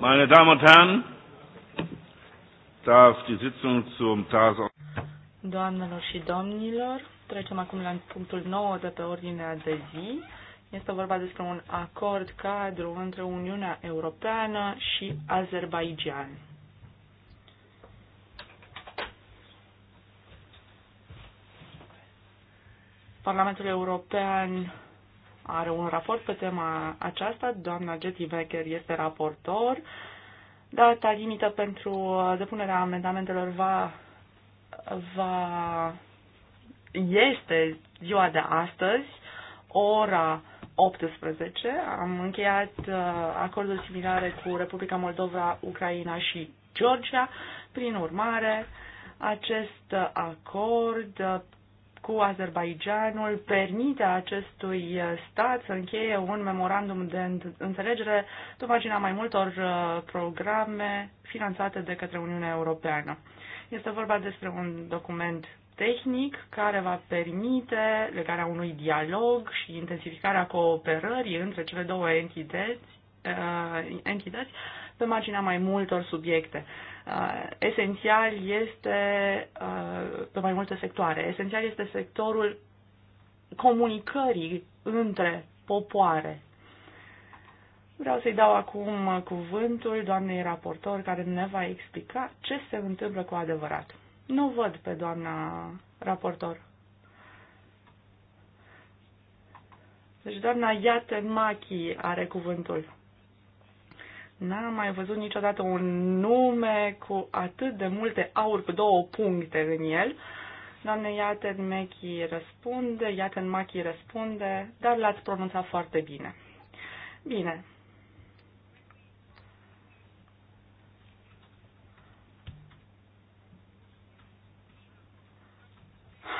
Meine Damen und Herren, darf die Sitzung zum Tagesordnungspunkt. Doamnelor și domnilor, trecem acum la punctul 9 de pe ordinea de zi. Este vorba despre un acord cadru între Uniunea Europeană și Azerbaijan. Parlamentul European are un raport pe tema aceasta. Doamna Jetty Becker este raportor. Data limită pentru depunerea amendamentelor va, va este ziua de astăzi, ora 18. Am încheiat uh, acorduri similare cu Republica Moldova, Ucraina și Georgia. Prin urmare, acest acord uh, cu Azerbaijanul permite acestui uh, stat să încheie un memorandum de înțelegere pe marginea mai multor uh, programe finanțate de către Uniunea Europeană. Este vorba despre un document tehnic care va permite legarea unui dialog și intensificarea cooperării între cele două entități, uh, entități pe marginea mai multor subiecte. Uh, esențial este uh, pe mai multe sectoare. Esențial este sectorul comunicării între popoare. Vreau să-i dau acum cuvântul doamnei raportor care ne va explica ce se întâmplă cu adevărat. Nu văd pe doamna raportor. Deci doamna Iaten Machi are cuvântul. N-am mai văzut niciodată un nume cu atât de multe aur cu două puncte în el. Doamne, iată în Mechi răspunde, iată în Machi răspunde, dar l-ați pronunțat foarte bine. Bine.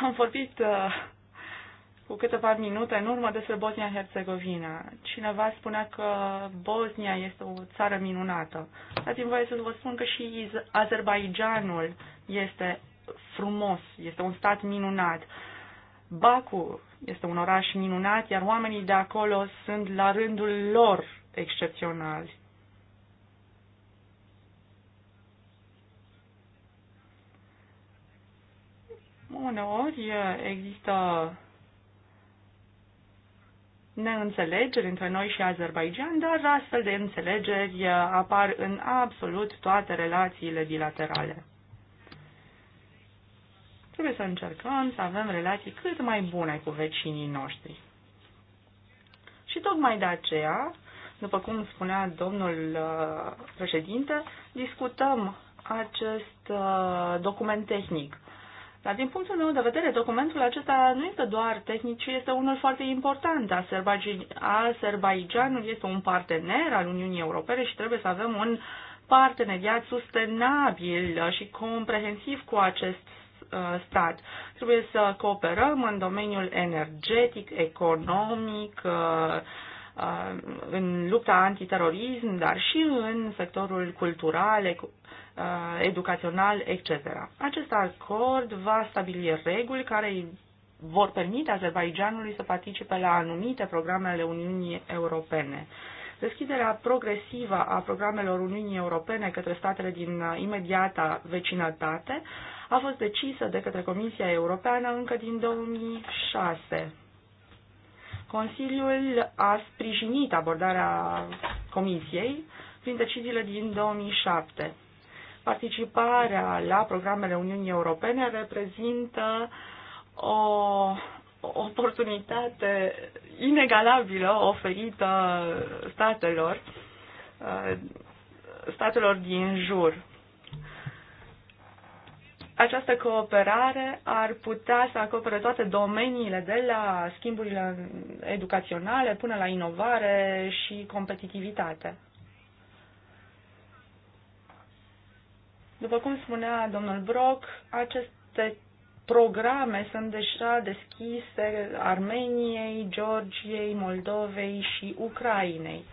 Am vorbit uh, cu câteva minute în urmă despre Bosnia-Herzegovina. Cineva spunea că Bosnia este o țară minunată. Ați voie să vă spun că și Azerbaijanul este frumos, este un stat minunat. Baku este un oraș minunat, iar oamenii de acolo sunt la rândul lor excepționali. Uneori există neînțelegeri între noi și Azerbaijan, dar astfel de înțelegeri apar în absolut toate relațiile bilaterale. Trebuie să încercăm să avem relații cât mai bune cu vecinii noștri. Și tocmai de aceea, după cum spunea domnul uh, președinte, discutăm acest uh, document tehnic dar din punctul meu de vedere, documentul acesta nu este doar tehnic, ci este unul foarte important. Azerbaijanul este un partener al Uniunii Europene și trebuie să avem un parteneriat sustenabil și comprehensiv cu acest uh, stat. Trebuie să cooperăm în domeniul energetic, economic, uh, uh, în lupta antiterorism, dar și în sectorul cultural, Uh, educațional, etc. Acest acord va stabili reguli care vor permite Azerbaijanului să participe la anumite programe ale Uniunii Europene. Deschiderea progresivă a programelor Uniunii Europene către statele din uh, imediata vecinătate a fost decisă de către Comisia Europeană încă din 2006. Consiliul a sprijinit abordarea Comisiei prin deciziile din 2007. Participarea la programele Uniunii Europene reprezintă o oportunitate inegalabilă oferită statelor, statelor din jur. Această cooperare ar putea să acopere toate domeniile, de la schimburile educaționale până la inovare și competitivitate. După cum spunea domnul Brock, aceste programe sunt deja deschise Armeniei, Georgiei, Moldovei și Ucrainei.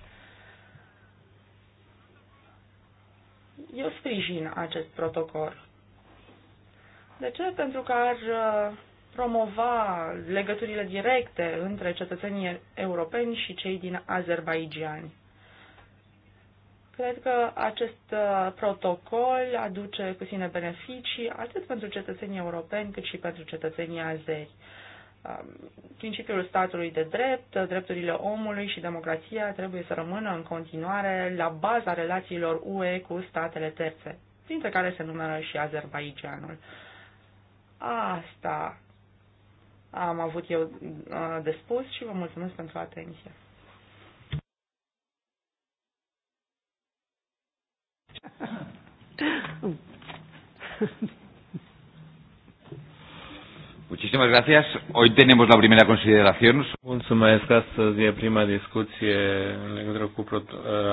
Eu sprijin acest protocol. De ce? Pentru că ar uh, promova legăturile directe între cetățenii europeni și cei din Azerbaijan. Cred că acest uh, protocol aduce cu sine beneficii atât pentru cetățenii europeni cât și pentru cetățenii azeri. Um, principiul statului de drept, drepturile omului și democrația trebuie să rămână în continuare la baza relațiilor UE cu statele terțe, printre care se numără și Azerbaijanul. Asta am avut eu uh, de spus și vă mulțumesc pentru atenție. Muchísimas gracias. Hoy tenemos la primera consideración. Mulțumesc. Astăzi e prima discuție în legătură cu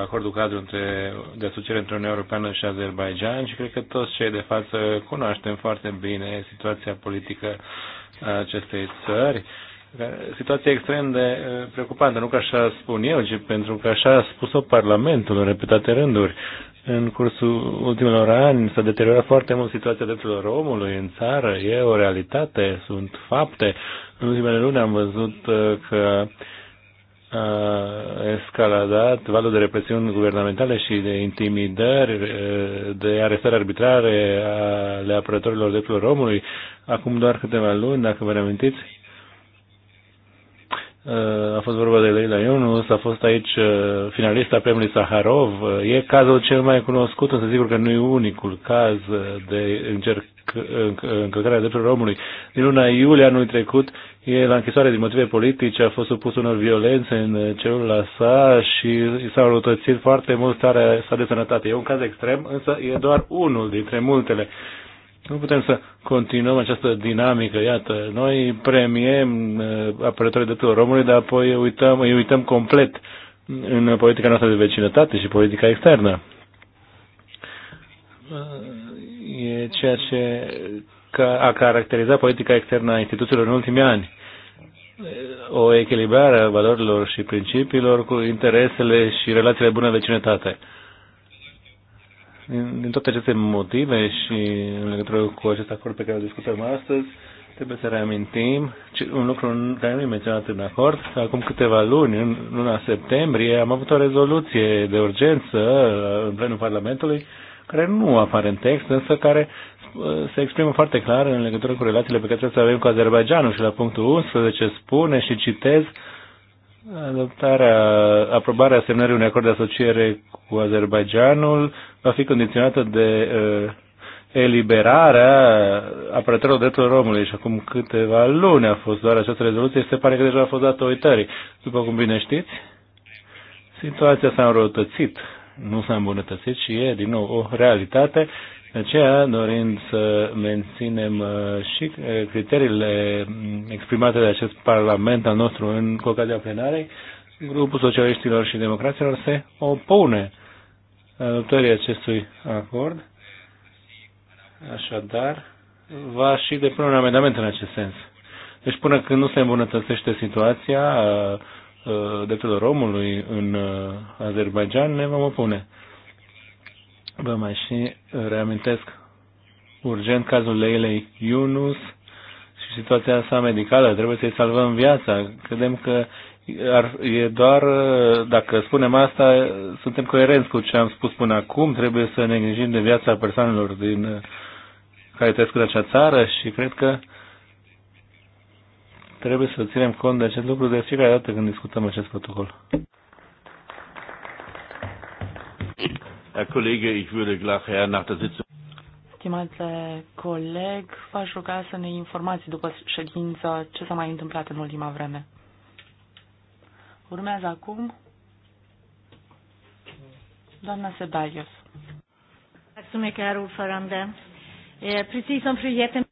acordul cadru între, de asociere între Uniunea Europeană și Azerbaijan și cred că toți cei de față cunoaștem foarte bine situația politică a acestei țări situație extrem de uh, preocupantă, nu că așa spun eu, ci pentru că așa a spus-o Parlamentul în repetate rânduri. În cursul ultimelor ani s-a deteriorat foarte mult situația drepturilor omului în țară, e o realitate, sunt fapte. În ultimele luni am văzut uh, că a escaladat valul de represiuni guvernamentale și de intimidări, uh, de arestări arbitrare ale apărătorilor drepturilor omului. Acum doar câteva luni, dacă vă reamintiți, Uh, a fost vorba de Leila Yunus, a fost aici uh, finalista premiului Saharov. Uh, e cazul cel mai cunoscut, însă sigur că nu e unicul caz de încerc, încălcarea drepturilor omului. Din luna iulie anului trecut, e la închisoare din motive politice, a fost supus unor violențe în celula sa și s-a rotățit foarte mult starea sa de sănătate. E un caz extrem, însă e doar unul dintre multele nu putem să continuăm această dinamică, iată, noi premiem uh, apărătorii tot românii, dar apoi uităm, îi uităm complet în politica noastră de vecinătate și politica externă. Uh, e ceea ce a caracterizat politica externă a instituțiilor în ultimii ani. Uh, o echilibrare a valorilor și principiilor cu interesele și relațiile bune de vecinătate din, din toate aceste motive și în legătură cu acest acord pe care îl discutăm astăzi, trebuie să reamintim un lucru care nu e menționat în acord, acum câteva luni, în luna septembrie, am avut o rezoluție de urgență în plenul Parlamentului, care nu apare în text, însă care uh, se exprimă foarte clar în legătură cu relațiile pe care trebuie să avem cu Azerbaijanul și la punctul 11 spune și citez Adoptarea, aprobarea semnării unui acord de asociere cu Azerbaijanul va fi condiționată de uh, eliberarea apărătorilor drepturilor omului și acum câteva luni a fost doar această rezoluție și se pare că deja a fost dată uitării. După cum bine știți, situația s-a înrăutățit nu s-a îmbunătățit și e, din nou, o realitate. De aceea, dorim să menținem uh, și uh, criteriile mm, exprimate de acest Parlament al nostru în ocazia plenarei, grupul socialiștilor și democraților se opune uh, adoptării acestui acord. Așadar, va și depune un amendament în acest sens. Deci până când nu se îmbunătățește situația, Uh, drepturilor omului în uh, Azerbaijan, ne vom opune. Vă mai și reamintesc urgent cazul Leilei Yunus și situația sa medicală. Trebuie să-i salvăm viața. Credem că ar, e doar, uh, dacă spunem asta, suntem coerenți cu ce am spus până acum. Trebuie să ne îngrijim de viața persoanelor din care trăiesc în acea țară și cred că uh, trebuie să ținem cont de acest lucru de fiecare dată când discutăm acest protocol. Herr Kollege, ich würde nach der Sitzung Stimate coleg, v-aș ruga să ne informați după ședință ce s-a mai întâmplat în ultima vreme. Urmează acum doamna Sebaios.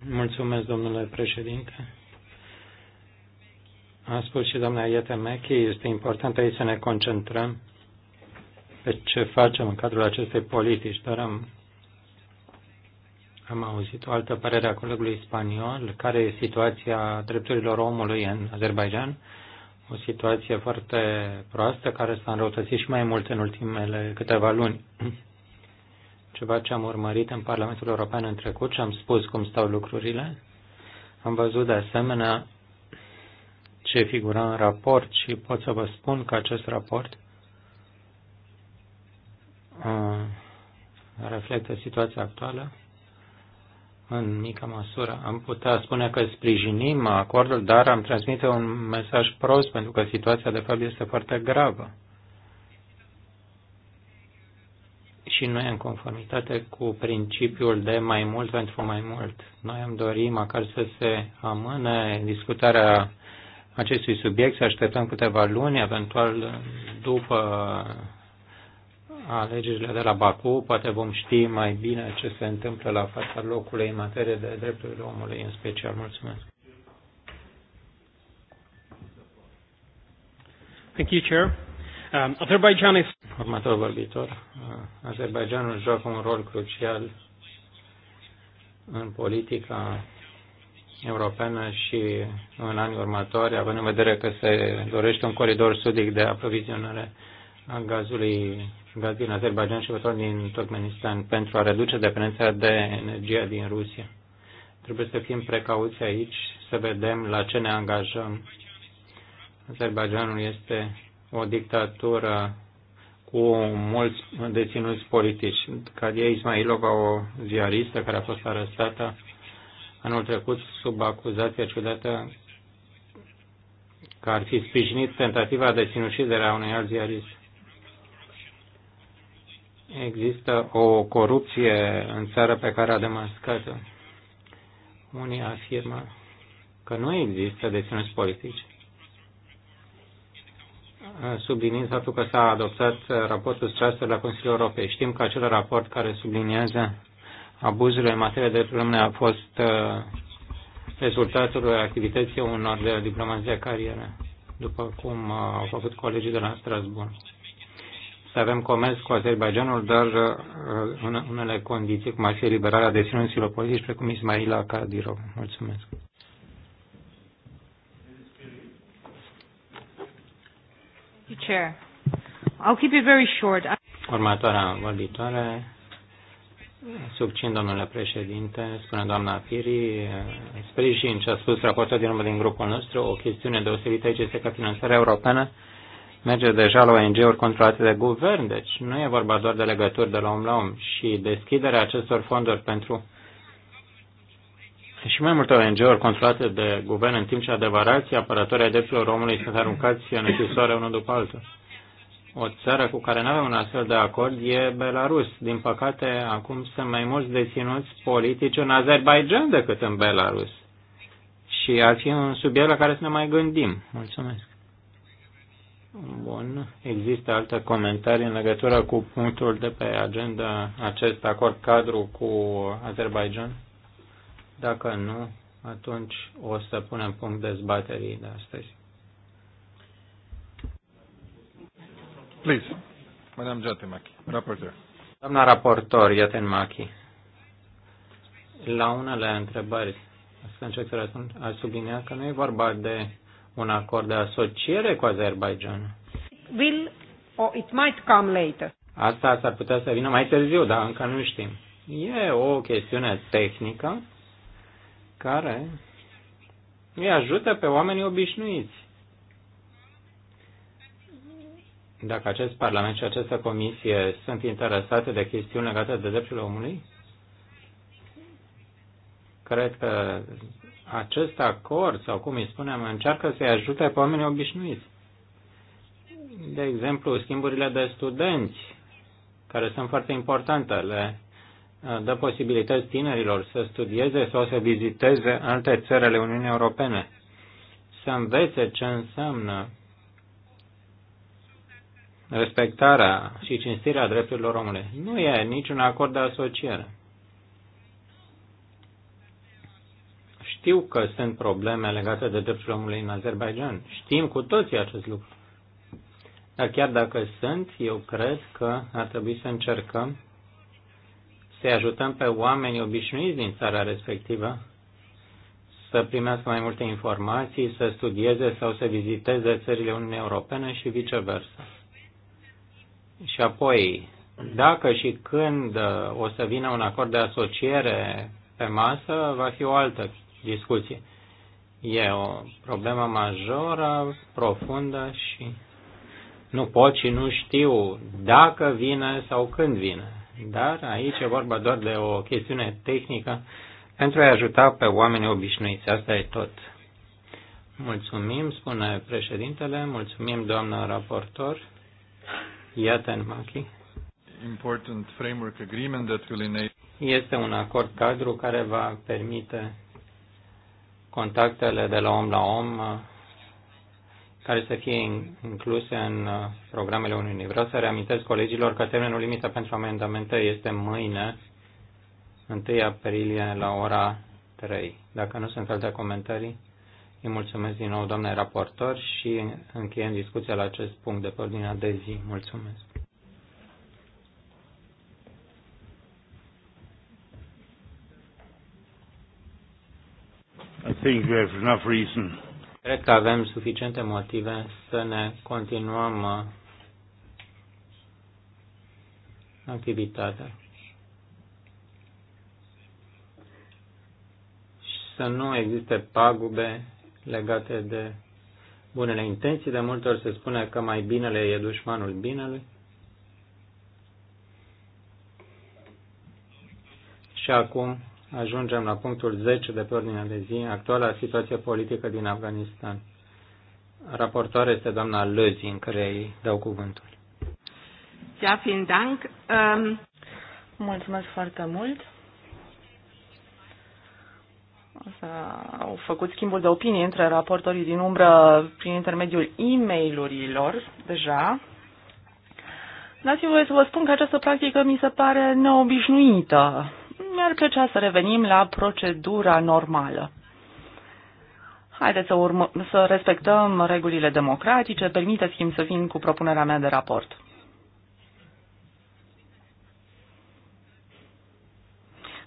Mulțumesc, domnule președinte. A spus și doamna Ietemechi, este important aici să ne concentrăm pe ce facem în cadrul acestei politici, dar am, am auzit o altă părere a colegului spaniol, care e situația drepturilor omului în Azerbaijan, o situație foarte proastă care s-a înrăutățit și mai mult în ultimele câteva luni. Ceva ce am urmărit în Parlamentul European în trecut și am spus cum stau lucrurile. Am văzut de asemenea ce figura în raport și pot să vă spun că acest raport reflectă situația actuală în mică măsură. Am putea spune că sprijinim acordul, dar am transmite un mesaj prost pentru că situația de fapt este foarte gravă. Și noi în conformitate cu principiul de mai mult pentru mai mult. Noi am dorit măcar să se amâne discutarea acestui subiect, să așteptăm câteva luni, eventual după alegerile de la Baku, poate vom ști mai bine ce se întâmplă la fața locului în materie de drepturile omului în special. Mulțumesc. Thank you, Chair. Um, Azerbaijan is... Următorul vorbitor. Uh, Azerbaijanul joacă un rol crucial în politica Europeană și în anii următori, având în vedere că se dorește un coridor sudic de aprovizionare a gazului gaz din Azerbaijan și tot din Turkmenistan pentru a reduce dependența de energie din Rusia. Trebuie să fim precauți aici, să vedem la ce ne angajăm. Azerbaijanul este o dictatură cu mulți deținuți politici. Cadia Ismailova, o ziaristă care a fost arestată anul trecut sub acuzația ciudată că ar fi sprijinit tentativa de sinucidere a unui alt ziarist. Există o corupție în țară pe care a demascat-o. Unii afirmă că nu există deținuți politici. Subliniind faptul că s-a adoptat raportul 6 la Consiliul Europei. Știm că acel raport care subliniază abuzurile în materie de drepturile omului a fost uh, rezultatul activității unor de diplomați de carieră, după cum uh, au făcut colegii de la Strasbourg. Să avem comerț cu Azerbaijanul, dar uh, în unele condiții, cum ar fi eliberarea deținuților politici, precum Ismaila Kadirov. Mulțumesc. Chair. I'll keep it very short. Următoarea vorbitoare Subțin, domnule președinte, spune doamna Piri, sprijin ce a spus raportul din urmă din grupul nostru, o chestiune deosebită aici este că finanțarea europeană merge deja la ONG-uri controlate de guvern, deci nu e vorba doar de legături de la om la om și deschiderea acestor fonduri pentru și mai multe ONG-uri controlate de guvern, în timp ce adevărații apărători ai drepturilor omului sunt aruncați în închisoare unul după altul. O țară cu care nu avem un astfel de acord e Belarus. Din păcate, acum sunt mai mulți deținuți politici în Azerbaijan decât în Belarus. Și ar fi un subiect la care să ne mai gândim. Mulțumesc. Bun. Există alte comentarii în legătură cu punctul de pe agenda, acest acord cadru cu Azerbaijan? Dacă nu, atunci o să punem punct dezbaterii de astăzi. Please, Madame Jatemaki, raportor. Doamna raportor, Jatemaki, la unele întrebări, să încerc să răspund, aș sublinia că nu e vorba de un acord de asociere cu Azerbaijan. Will or it might come later. Asta s-ar putea să vină mai târziu, dar încă nu știm. E o chestiune tehnică care îi ajută pe oamenii obișnuiți dacă acest Parlament și această Comisie sunt interesate de chestiuni legate de drepturile omului? Cred că acest acord, sau cum îi spunem, încearcă să-i ajute pe oamenii obișnuiți. De exemplu, schimburile de studenți, care sunt foarte importante, le uh, dă posibilități tinerilor să studieze sau să viziteze alte țări ale Uniunii Europene, să învețe ce înseamnă respectarea și cinstirea drepturilor omului. Nu e niciun acord de asociere. Știu că sunt probleme legate de drepturile omului în Azerbaijan. Știm cu toții acest lucru. Dar chiar dacă sunt, eu cred că ar trebui să încercăm să-i ajutăm pe oamenii obișnuiți din țara respectivă să primească mai multe informații, să studieze sau să viziteze țările Uniunii Europene și viceversa. Și apoi, dacă și când uh, o să vină un acord de asociere pe masă, va fi o altă discuție. E o problemă majoră, profundă și nu pot și nu știu dacă vine sau când vine. Dar aici e vorba doar de o chestiune tehnică pentru a ajuta pe oamenii obișnuiți. Asta e tot. Mulțumim, spune președintele, mulțumim doamnă raportor. Iaten Machi. Important framework agreement that will enable... Este un acord cadru care va permite contactele de la om la om care să fie incluse în uh, programele Uniunii. Vreau să reamintesc colegilor că termenul limită pentru amendamente este mâine, 1 aprilie, la ora 3. Dacă nu sunt alte comentarii, îi mulțumesc din nou, doamne raportor, și încheiem discuția la acest punct de pe ordinea de zi. Mulțumesc. I think we have enough reason. Cred că avem suficiente motive să ne continuăm uh, activitatea. să nu existe pagube legate de bunele intenții. De multe ori se spune că mai binele e dușmanul binelui. Și acum ajungem la punctul 10 de pe ordinea de zi, actuala situație politică din Afganistan. Raportoare este doamna Lăzi, în care îi dau cuvântul. Ja, vielen Dank. Um... Mulțumesc foarte mult au făcut schimbul de opinii între raportorii din umbră prin intermediul e mail deja. Dați-mi voie să vă spun că această practică mi se pare neobișnuită. Mi-ar plăcea să revenim la procedura normală. Haideți să, urmă, să respectăm regulile democratice, permiteți-mi să vin cu propunerea mea de raport.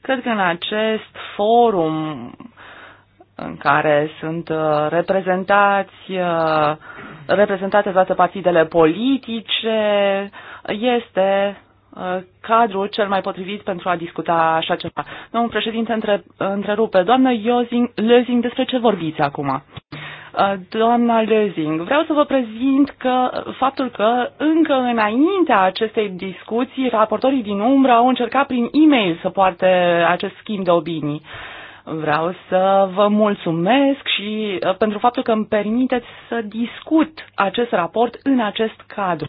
Cred că în acest forum în care sunt uh, reprezentați, uh, reprezentate toate partidele politice, este uh, cadrul cel mai potrivit pentru a discuta așa ceva. Domnul președinte între, întrerupe. Doamnă Iozing, Lözing, despre ce vorbiți acum? Uh, doamna Lezing, vreau să vă prezint că faptul că încă înaintea acestei discuții, raportorii din umbră au încercat prin e-mail să poarte acest schimb de opinii. Vreau să vă mulțumesc și uh, pentru faptul că îmi permiteți să discut acest raport în acest cadru.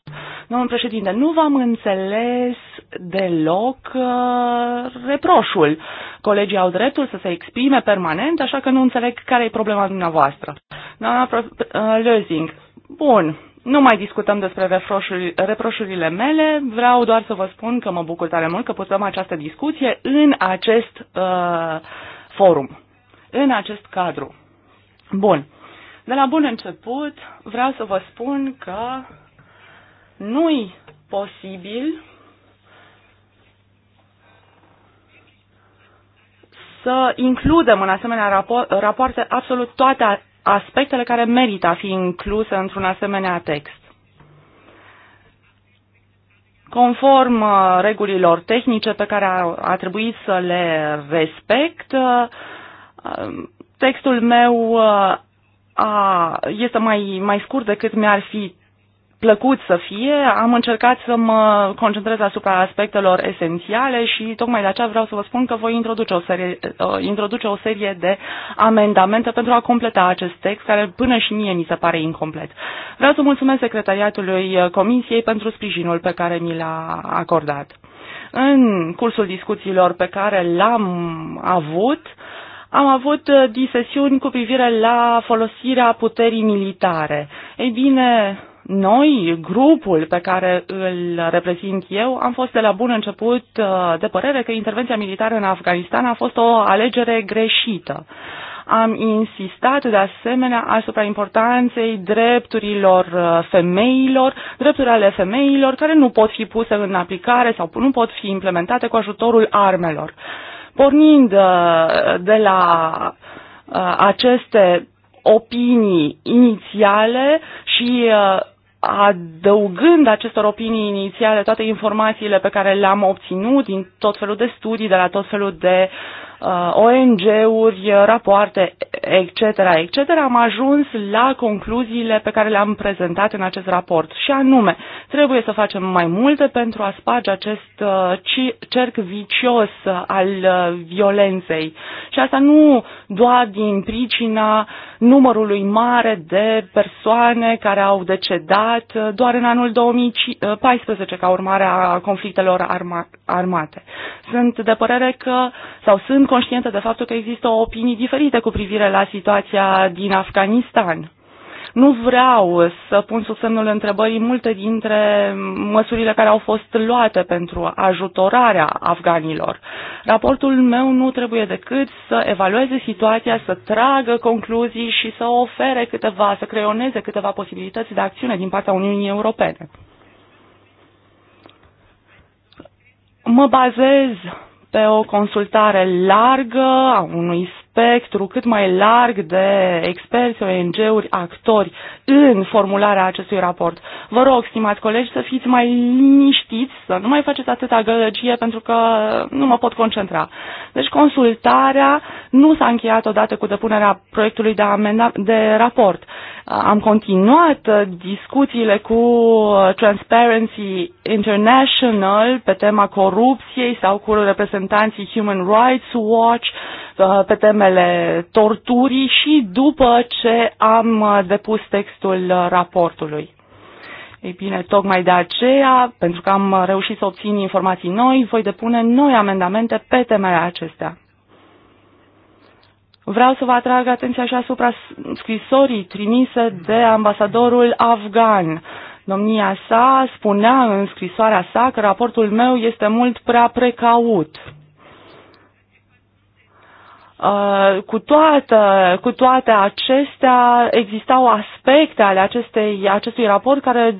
Domnul președinte, nu v-am înțeles deloc uh, reproșul. Colegii au dreptul să se exprime permanent, așa că nu înțeleg care e problema dumneavoastră. Doamna uh, Lözing, bun, nu mai discutăm despre reproșurile mele, vreau doar să vă spun că mă bucur tare mult că putem această discuție în acest uh, forum în acest cadru. Bun. De la bun început vreau să vă spun că nu-i posibil să includem în asemenea rapo rapoarte absolut toate aspectele care merită a fi incluse într-un asemenea text. Conform uh, regulilor tehnice pe care a, a trebuit să le respect, uh, um, textul meu uh, a, este mai, mai scurt decât mi-ar fi plăcut să fie, am încercat să mă concentrez asupra aspectelor esențiale și tocmai de aceea vreau să vă spun că voi introduce o serie, uh, introduce o serie de amendamente pentru a completa acest text, care până și mie mi se pare incomplet. Vreau să mulțumesc secretariatului Comisiei pentru sprijinul pe care mi l-a acordat. În cursul discuțiilor pe care l-am avut, am avut disesiuni cu privire la folosirea puterii militare. Ei bine, noi, grupul pe care îl reprezint eu, am fost de la bun început uh, de părere că intervenția militară în Afganistan a fost o alegere greșită. Am insistat de asemenea asupra importanței drepturilor uh, femeilor, drepturile ale femeilor care nu pot fi puse în aplicare sau nu pot fi implementate cu ajutorul armelor. Pornind uh, de la aceste opinii inițiale și adăugând acestor opinii inițiale toate informațiile pe care le-am obținut din tot felul de studii, de la tot felul de Uh, ONG-uri, uh, rapoarte, etc., etc., am ajuns la concluziile pe care le-am prezentat în acest raport. Și anume, trebuie să facem mai multe pentru a sparge acest uh, cerc vicios al violenței. Și asta nu doar din pricina numărului mare de persoane care au decedat doar în anul 2014 ca urmare a conflictelor arma- armate. Sunt de părere că, sau sunt sunt conștientă de faptul că există opinii diferite cu privire la situația din Afganistan. Nu vreau să pun sub semnul întrebării multe dintre măsurile care au fost luate pentru ajutorarea afganilor. Raportul meu nu trebuie decât să evalueze situația, să tragă concluzii și să ofere câteva, să creioneze câteva posibilități de acțiune din partea Uniunii Europene. Mă bazez pe o consultare largă a unui spectru cât mai larg de experți, ONG-uri, actori în formularea acestui raport. Vă rog, stimați colegi, să fiți mai liniștiți, să nu mai faceți atâta gălăgie pentru că nu mă pot concentra. Deci consultarea nu s-a încheiat odată cu depunerea proiectului de, amena- de raport. Am continuat discuțiile cu Transparency International pe tema corupției sau cu reprezentanții Human Rights Watch, Uh, pe temele torturii și după ce am uh, depus textul uh, raportului. Ei bine, tocmai de aceea, pentru că am reușit să obțin informații noi, voi depune noi amendamente pe temele acestea. Vreau să vă atrag atenția și asupra scrisorii trimise de ambasadorul afgan. Domnia sa spunea în scrisoarea sa că raportul meu este mult prea precaut. Uh, cu, toată, cu toate acestea existau aspecte ale acestei, acestui raport care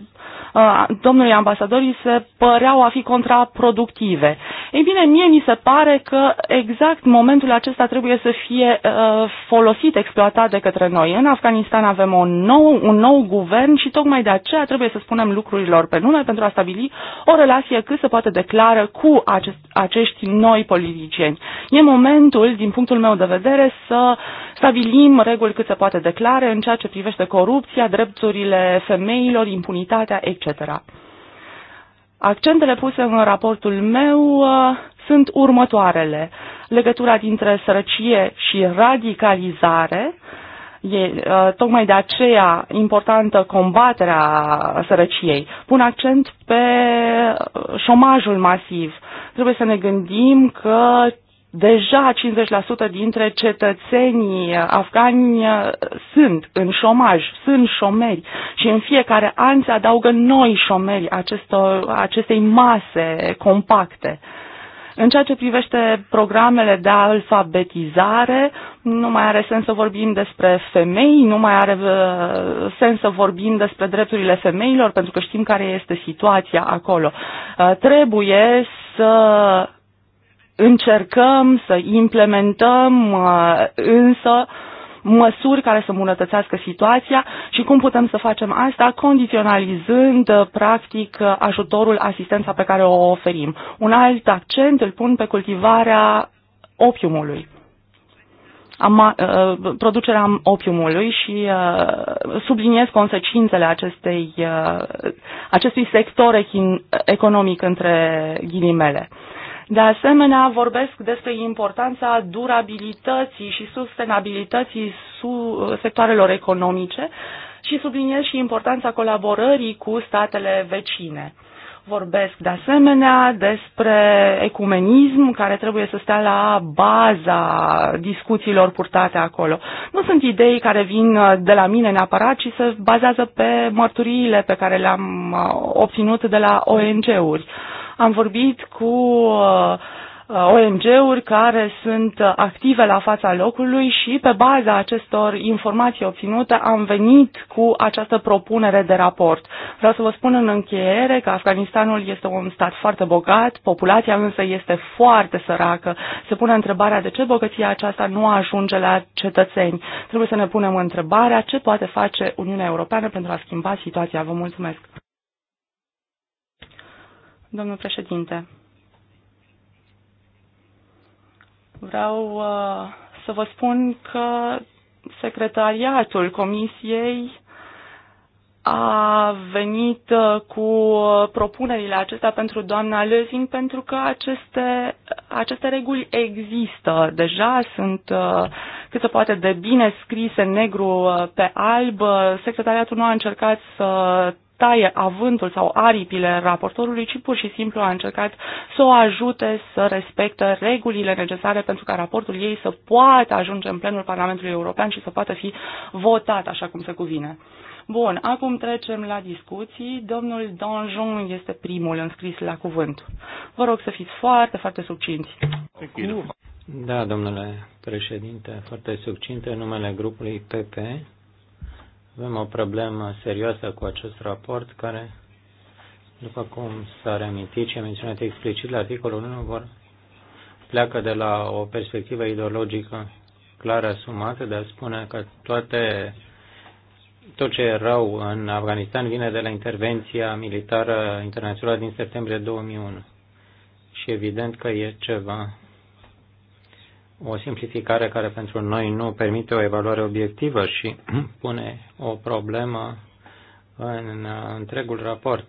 uh, domnului ambasadorii se păreau a fi contraproductive. Ei bine, mie mi se pare că exact momentul acesta trebuie să fie uh, folosit, exploatat de către noi. În Afganistan avem o nou, un nou guvern și tocmai de aceea trebuie să spunem lucrurilor pe nume pentru a stabili o relație cât se poate declară cu acest, acești noi politicieni. E momentul, din punctul meu de vedere, să stabilim reguli cât se poate declare în ceea ce privește corupția, drepturile femeilor, impunitatea, etc. Accentele puse în raportul meu uh, sunt următoarele. Legătura dintre sărăcie și radicalizare. E, uh, tocmai de aceea importantă combaterea sărăciei. Pun accent pe uh, șomajul masiv. Trebuie să ne gândim că Deja 50% dintre cetățenii afgani uh, sunt în șomaj, sunt șomeri și în fiecare an se adaugă noi șomeri acestor, acestei mase compacte. În ceea ce privește programele de alfabetizare, nu mai are sens să vorbim despre femei, nu mai are uh, sens să vorbim despre drepturile femeilor, pentru că știm care este situația acolo. Uh, trebuie să încercăm să implementăm uh, însă măsuri care să îmbunătățească situația și cum putem să facem asta condiționalizând uh, practic uh, ajutorul, asistența pe care o oferim. Un alt accent îl pun pe cultivarea opiumului producerea opiumului și subliniez consecințele acestei, acestui sector economic între ghilimele. De asemenea, vorbesc despre importanța durabilității și sustenabilității su- sectoarelor economice și subliniez și importanța colaborării cu statele vecine. Vorbesc de asemenea despre ecumenism care trebuie să stea la baza discuțiilor purtate acolo. Nu sunt idei care vin de la mine neapărat, ci se bazează pe mărturiile pe care le-am obținut de la ONG-uri. Uh, am vorbit cu uh, ONG-uri care sunt active la fața locului și pe baza acestor informații obținute am venit cu această propunere de raport. Vreau să vă spun în încheiere că Afganistanul este un stat foarte bogat, populația însă este foarte săracă. Se pune întrebarea de ce bogăția aceasta nu ajunge la cetățeni. Trebuie să ne punem întrebarea ce poate face Uniunea Europeană pentru a schimba situația. Vă mulțumesc! Domnul președinte, vreau uh, să vă spun că secretariatul comisiei a venit uh, cu propunerile acestea pentru doamna Lezing pentru că aceste, aceste reguli există deja, sunt uh, cât se poate de bine scrise negru uh, pe alb. Secretariatul nu a încercat să taie avântul sau aripile raportorului, ci pur și simplu a încercat să o ajute să respecte regulile necesare pentru ca raportul ei să poată ajunge în plenul Parlamentului European și să poată fi votat așa cum se cuvine. Bun, acum trecem la discuții. Domnul Donjon este primul înscris la cuvânt. Vă rog să fiți foarte, foarte succinți. Da, domnule președinte, foarte succinte, numele grupului PP avem o problemă serioasă cu acest raport care, după cum s-a reamintit și menționat explicit la articolul 1, vor pleacă de la o perspectivă ideologică clar asumată de a spune că toate, tot ce e rău în Afganistan vine de la intervenția militară internațională din septembrie 2001. Și evident că e ceva o simplificare care pentru noi nu permite o evaluare obiectivă și pune o problemă în întregul raport.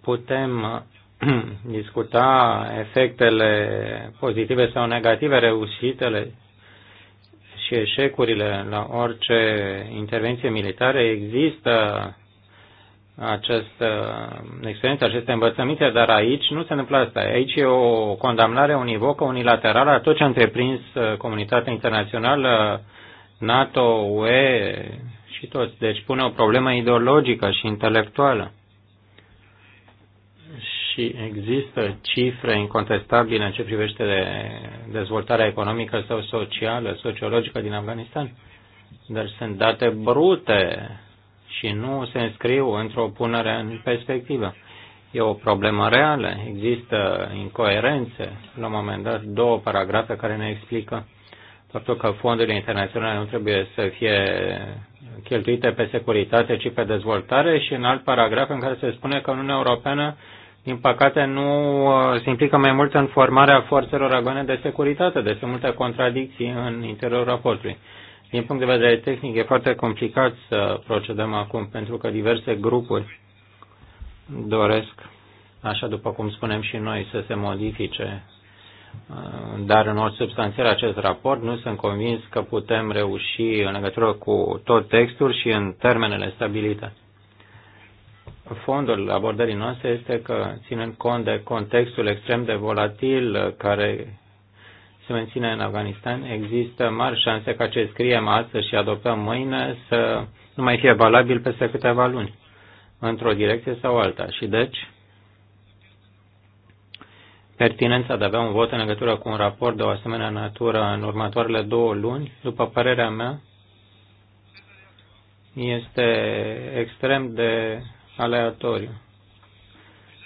Putem discuta efectele pozitive sau negative, reușitele și eșecurile la orice intervenție militară. Există această uh, experiență, aceste învățăminte, dar aici nu se întâmplă asta. Aici e o condamnare univocă, unilaterală a tot ce a întreprins uh, comunitatea internațională, NATO, UE și toți. Deci pune o problemă ideologică și intelectuală. Și există cifre incontestabile în ce privește de dezvoltarea economică sau socială, sociologică din Afganistan, dar sunt date brute și nu se înscriu într-o punere în perspectivă. E o problemă reală, există incoerențe. La un moment dat, două paragrafe care ne explică faptul că fondurile internaționale nu trebuie să fie cheltuite pe securitate, ci pe dezvoltare și în alt paragraf în care se spune că Uniunea Europeană, din păcate, nu uh, se implică mai mult în formarea forțelor agone de securitate. Deci sunt multe contradicții în interiorul raportului. Din punct de vedere tehnic, e foarte complicat să procedăm acum, pentru că diverse grupuri doresc, așa după cum spunem și noi, să se modifice, uh, dar în mod substanțial acest raport. Nu sunt convins că putem reuși în legătură cu tot textul și în termenele stabilite. Fondul abordării noastre este că, ținând cont de contextul extrem de volatil uh, care se menține în Afganistan, există mari șanse ca ce scriem astăzi și adoptăm mâine să nu mai fie valabil peste câteva luni, într-o direcție sau alta. Și deci, pertinența de a avea un vot în legătură cu un raport de o asemenea natură în următoarele două luni, după părerea mea, este extrem de aleatoriu.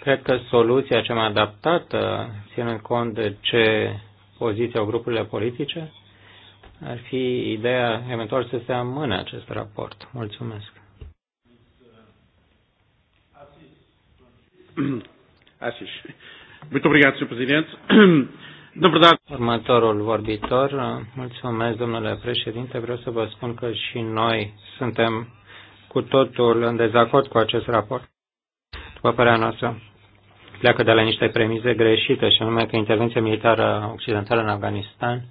Cred că soluția cea mai adaptată, ținând cont de ce poziția grupurile politice, ar fi ideea eventual să se amâne acest raport. Mulțumesc. Muito obrigado, Sr. Presidente. Na verdade... Următorul vorbitor, mulțumesc, domnule președinte, vreau să vă spun că și noi suntem cu totul în dezacord cu acest raport. După părerea noastră, pleacă de la niște premize greșite, și anume că intervenția militară occidentală în Afganistan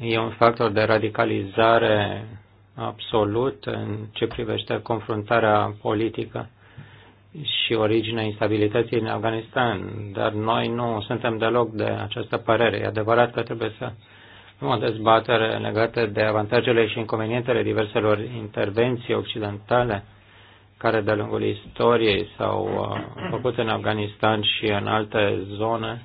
e un factor de radicalizare absolut în ce privește confruntarea politică și originea instabilității în Afganistan, dar noi nu suntem deloc de această părere. E adevărat că trebuie să nu o dezbatere legată de avantajele și inconvenientele diverselor intervenții occidentale care de-a lungul istoriei s-au uh, făcut în Afganistan și în alte zone.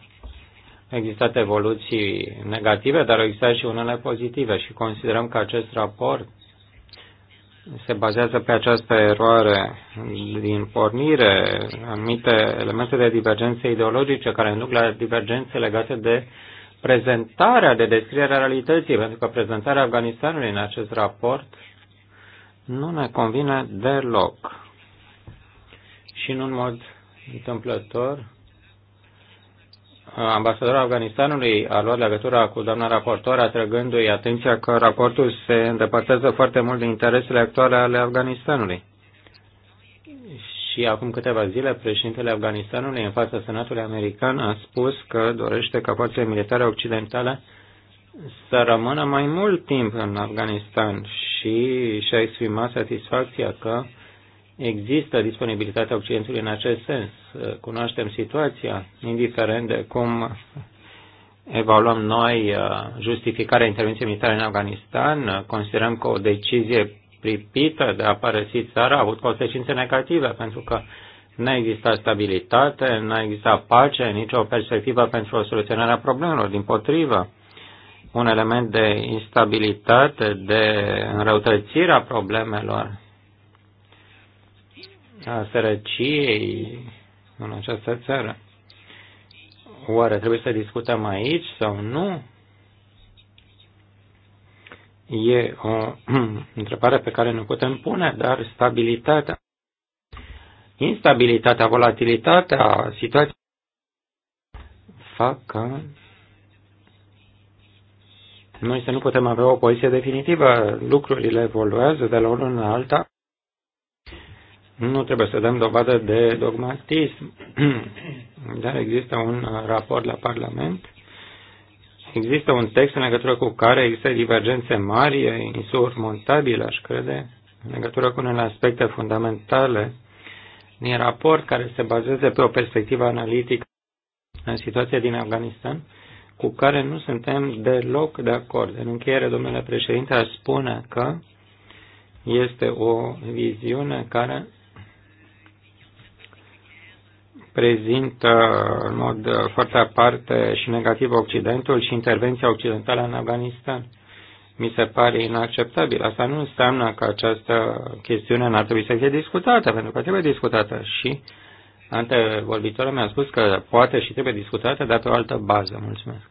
Au existat evoluții negative, dar au existat și unele pozitive și considerăm că acest raport se bazează pe această eroare din pornire, anumite elemente de divergențe ideologice care nu la divergențe legate de prezentarea, de descrierea realității, pentru că prezentarea Afganistanului în acest raport nu ne convine deloc și nu în mod întâmplător, ambasadorul Afganistanului a luat legătura cu doamna raportor, atrăgându-i atenția că raportul se îndepărtează foarte mult de interesele actuale ale Afganistanului. Și acum câteva zile, președintele Afganistanului, în fața Senatului American, a spus că dorește ca forțele militare occidentale să rămână mai mult timp în Afganistan și și-a exprimat satisfacția că Există disponibilitatea Occidentului în acest sens. Cunoaștem situația, indiferent de cum evaluăm noi uh, justificarea intervenției militare în Afganistan. Considerăm că o decizie pripită de a părăsi țara a avut consecințe negative, pentru că n-a existat stabilitate, n-a existat pace, nicio perspectivă pentru o soluționare a problemelor. Din potrivă, un element de instabilitate, de înrăutățire a problemelor a sărăciei în această țară. Oare trebuie să discutăm aici sau nu? E o întrebare pe care nu putem pune, dar stabilitatea, instabilitatea, volatilitatea situației fac ca noi să nu putem avea o poziție definitivă. Lucrurile evoluează de la o lună alta nu trebuie să dăm dovadă de dogmatism, dar există un uh, raport la Parlament, există un text în legătură cu care există divergențe mari, insurmontabile, aș crede, în legătură cu unele aspecte fundamentale din raport care se bazează pe o perspectivă analitică în situația din Afganistan, cu care nu suntem deloc de acord. În încheiere, domnule președinte, aș spune că este o viziune care prezintă în mod foarte aparte și negativ Occidentul și intervenția occidentală în Afganistan. Mi se pare inacceptabil. Asta nu înseamnă că această chestiune n-ar trebui să fie discutată, pentru că trebuie discutată și antevorbitorul mi-a spus că poate și trebuie discutată, dar pe o altă bază. Mulțumesc.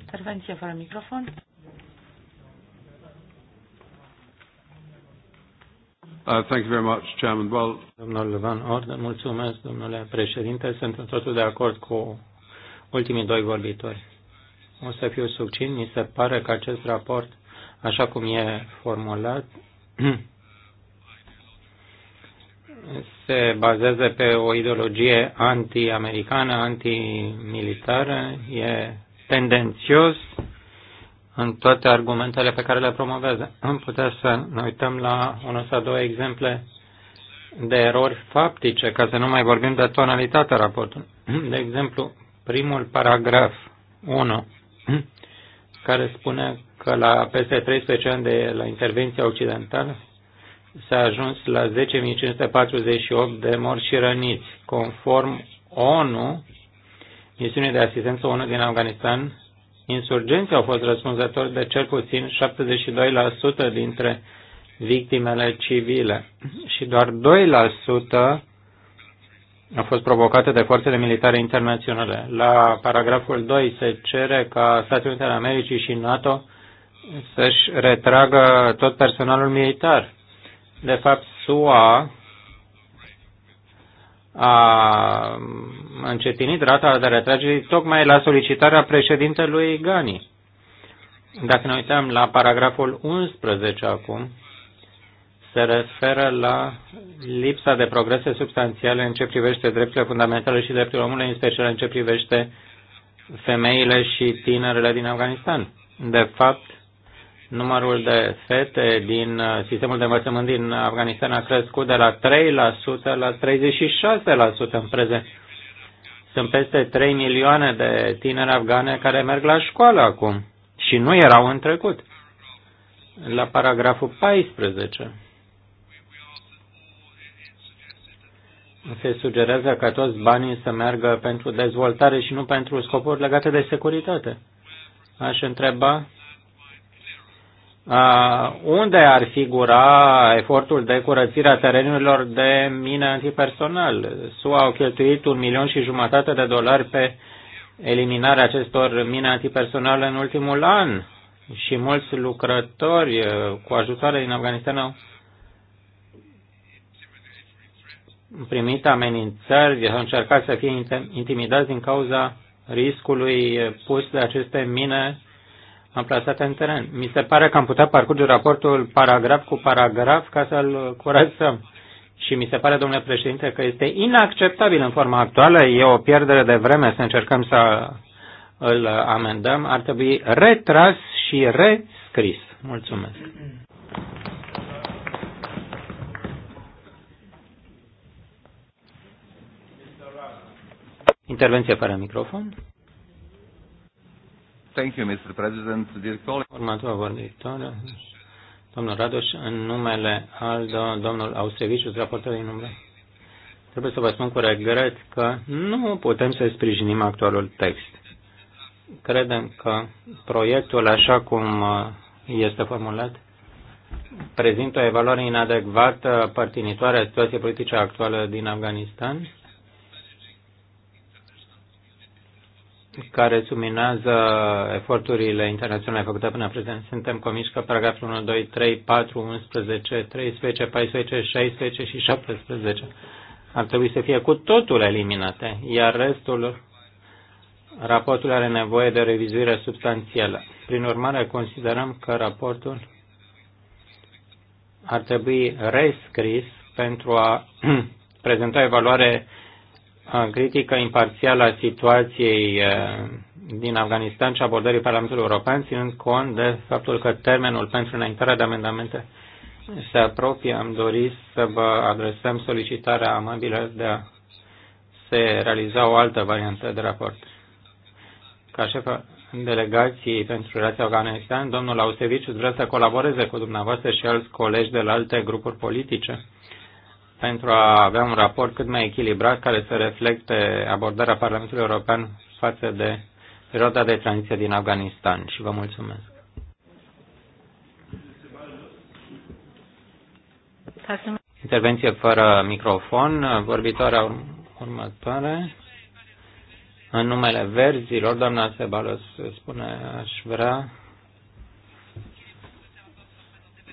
Intervenție fără microfon. Uh, thank you very much, Chairman. Well, Domnul Levan Orden, mulțumesc, domnule președinte. Sunt în totul de acord cu ultimii doi vorbitori. O să fiu succint. Mi se pare că acest raport, așa cum e formulat, se bazează pe o ideologie anti-americană, anti-militară, e tendențios, în toate argumentele pe care le promovează. Am putea să ne uităm la unul sau două exemple de erori faptice, ca să nu mai vorbim de tonalitatea raportului. De exemplu, primul paragraf 1, care spune că la peste 13 ani de la intervenția occidentală s-a ajuns la 10.548 de morți și răniți, conform ONU, misiunea de asistență ONU din Afganistan, Insurgenții au fost răspunzători de cel puțin 72% dintre victimele civile și doar 2% au fost provocate de forțele militare internaționale. La paragraful 2 se cere ca Statele Unite ale Americii și NATO să-și retragă tot personalul militar. De fapt, SUA a încetinit rata de retragere tocmai la solicitarea președintelui Gani. Dacă ne uităm la paragraful 11 acum, se referă la lipsa de progrese substanțiale în ce privește drepturile fundamentale și drepturile omului, în special în ce privește femeile și tinerele din Afganistan. De fapt, Numărul de fete din uh, sistemul de învățământ din Afganistan a crescut de la 3% la 36% în prezent. Sunt peste 3 milioane de tineri afgane care merg la școală acum și nu erau în trecut. La paragraful 14. se sugerează că toți banii să meargă pentru dezvoltare și nu pentru scopuri legate de securitate. Aș întreba Uh, unde ar figura efortul de curățire a terenurilor de mine antipersonal? SUA au cheltuit un milion și jumătate de dolari pe eliminarea acestor mine antipersonale în ultimul an și mulți lucrători uh, cu ajutoare din Afganistan au primit amenințări, au încercat să fie intimidați din cauza riscului pus de aceste mine amplasat în teren. Mi se pare că am putea parcurge raportul paragraf cu paragraf ca să-l curățăm. Și mi se pare, domnule președinte, că este inacceptabil în forma actuală, e o pierdere de vreme să încercăm să îl amendăm, ar trebui retras și rescris. Mulțumesc. Intervenție fără microfon. Thank you, Mr. President. Dear colleague. Următoarea vorbitoare, domnul Radoș, în numele al domnul Auseviciu, raportor din numele. Trebuie să vă spun cu regret că nu putem să sprijinim actualul text. Credem că proiectul, așa cum uh, este formulat, prezintă o evaluare inadecvată, părtinitoare a situației politice actuale din Afganistan care suminează eforturile internaționale făcute până prezent. Suntem convinși că paragraful 1, 2, 3, 4, 11, 13, 14, 16 și 17 ar trebui să fie cu totul eliminate, iar restul raportului are nevoie de o revizuire substanțială. Prin urmare, considerăm că raportul ar trebui rescris pentru a prezenta evaluare critică imparțială a situației din Afganistan și abordării Parlamentului European, ținând cont de faptul că termenul pentru înaintarea de amendamente se apropie, am dorit să vă adresăm solicitarea amabilă de a se realiza o altă variantă de raport. Ca șef delegației pentru relația Afganistan, domnul Auseviciu vrea să colaboreze cu dumneavoastră și alți colegi de la alte grupuri politice pentru a avea un raport cât mai echilibrat care să reflecte abordarea Parlamentului European față de perioada de tranziție din Afganistan. Și vă mulțumesc. Intervenție fără microfon. Vorbitoarea următoare. În numele verzilor, doamna Sebalos spune, aș vrea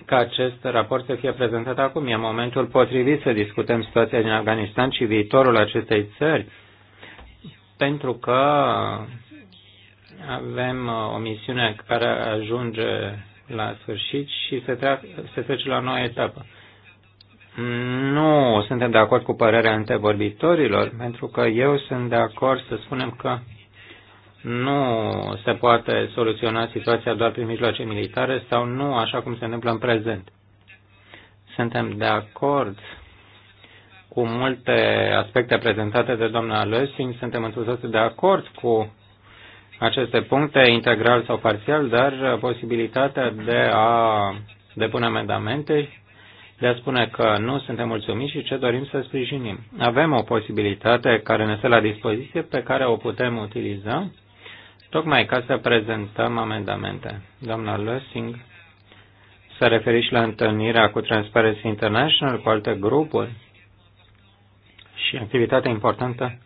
ca acest raport să fie prezentat acum. E momentul potrivit să discutăm situația din Afganistan și viitorul acestei țări, pentru că avem o misiune care ajunge la sfârșit și se, treac, se trece la o nouă etapă. Nu suntem de acord cu părerea antevorbitorilor, pentru că eu sunt de acord să spunem că nu se poate soluționa situația doar prin mijloace militare sau nu așa cum se întâmplă în prezent. Suntem de acord cu multe aspecte prezentate de doamna Lösing, suntem într de acord cu aceste puncte, integral sau parțial, dar posibilitatea de a depune amendamente de a spune că nu suntem mulțumiți și ce dorim să sprijinim. Avem o posibilitate care ne stă la dispoziție pe care o putem utiliza tocmai ca să prezentăm amendamente. Doamna Lessing s-a referit și la întâlnirea cu Transparency International, cu alte grupuri și activitatea importantă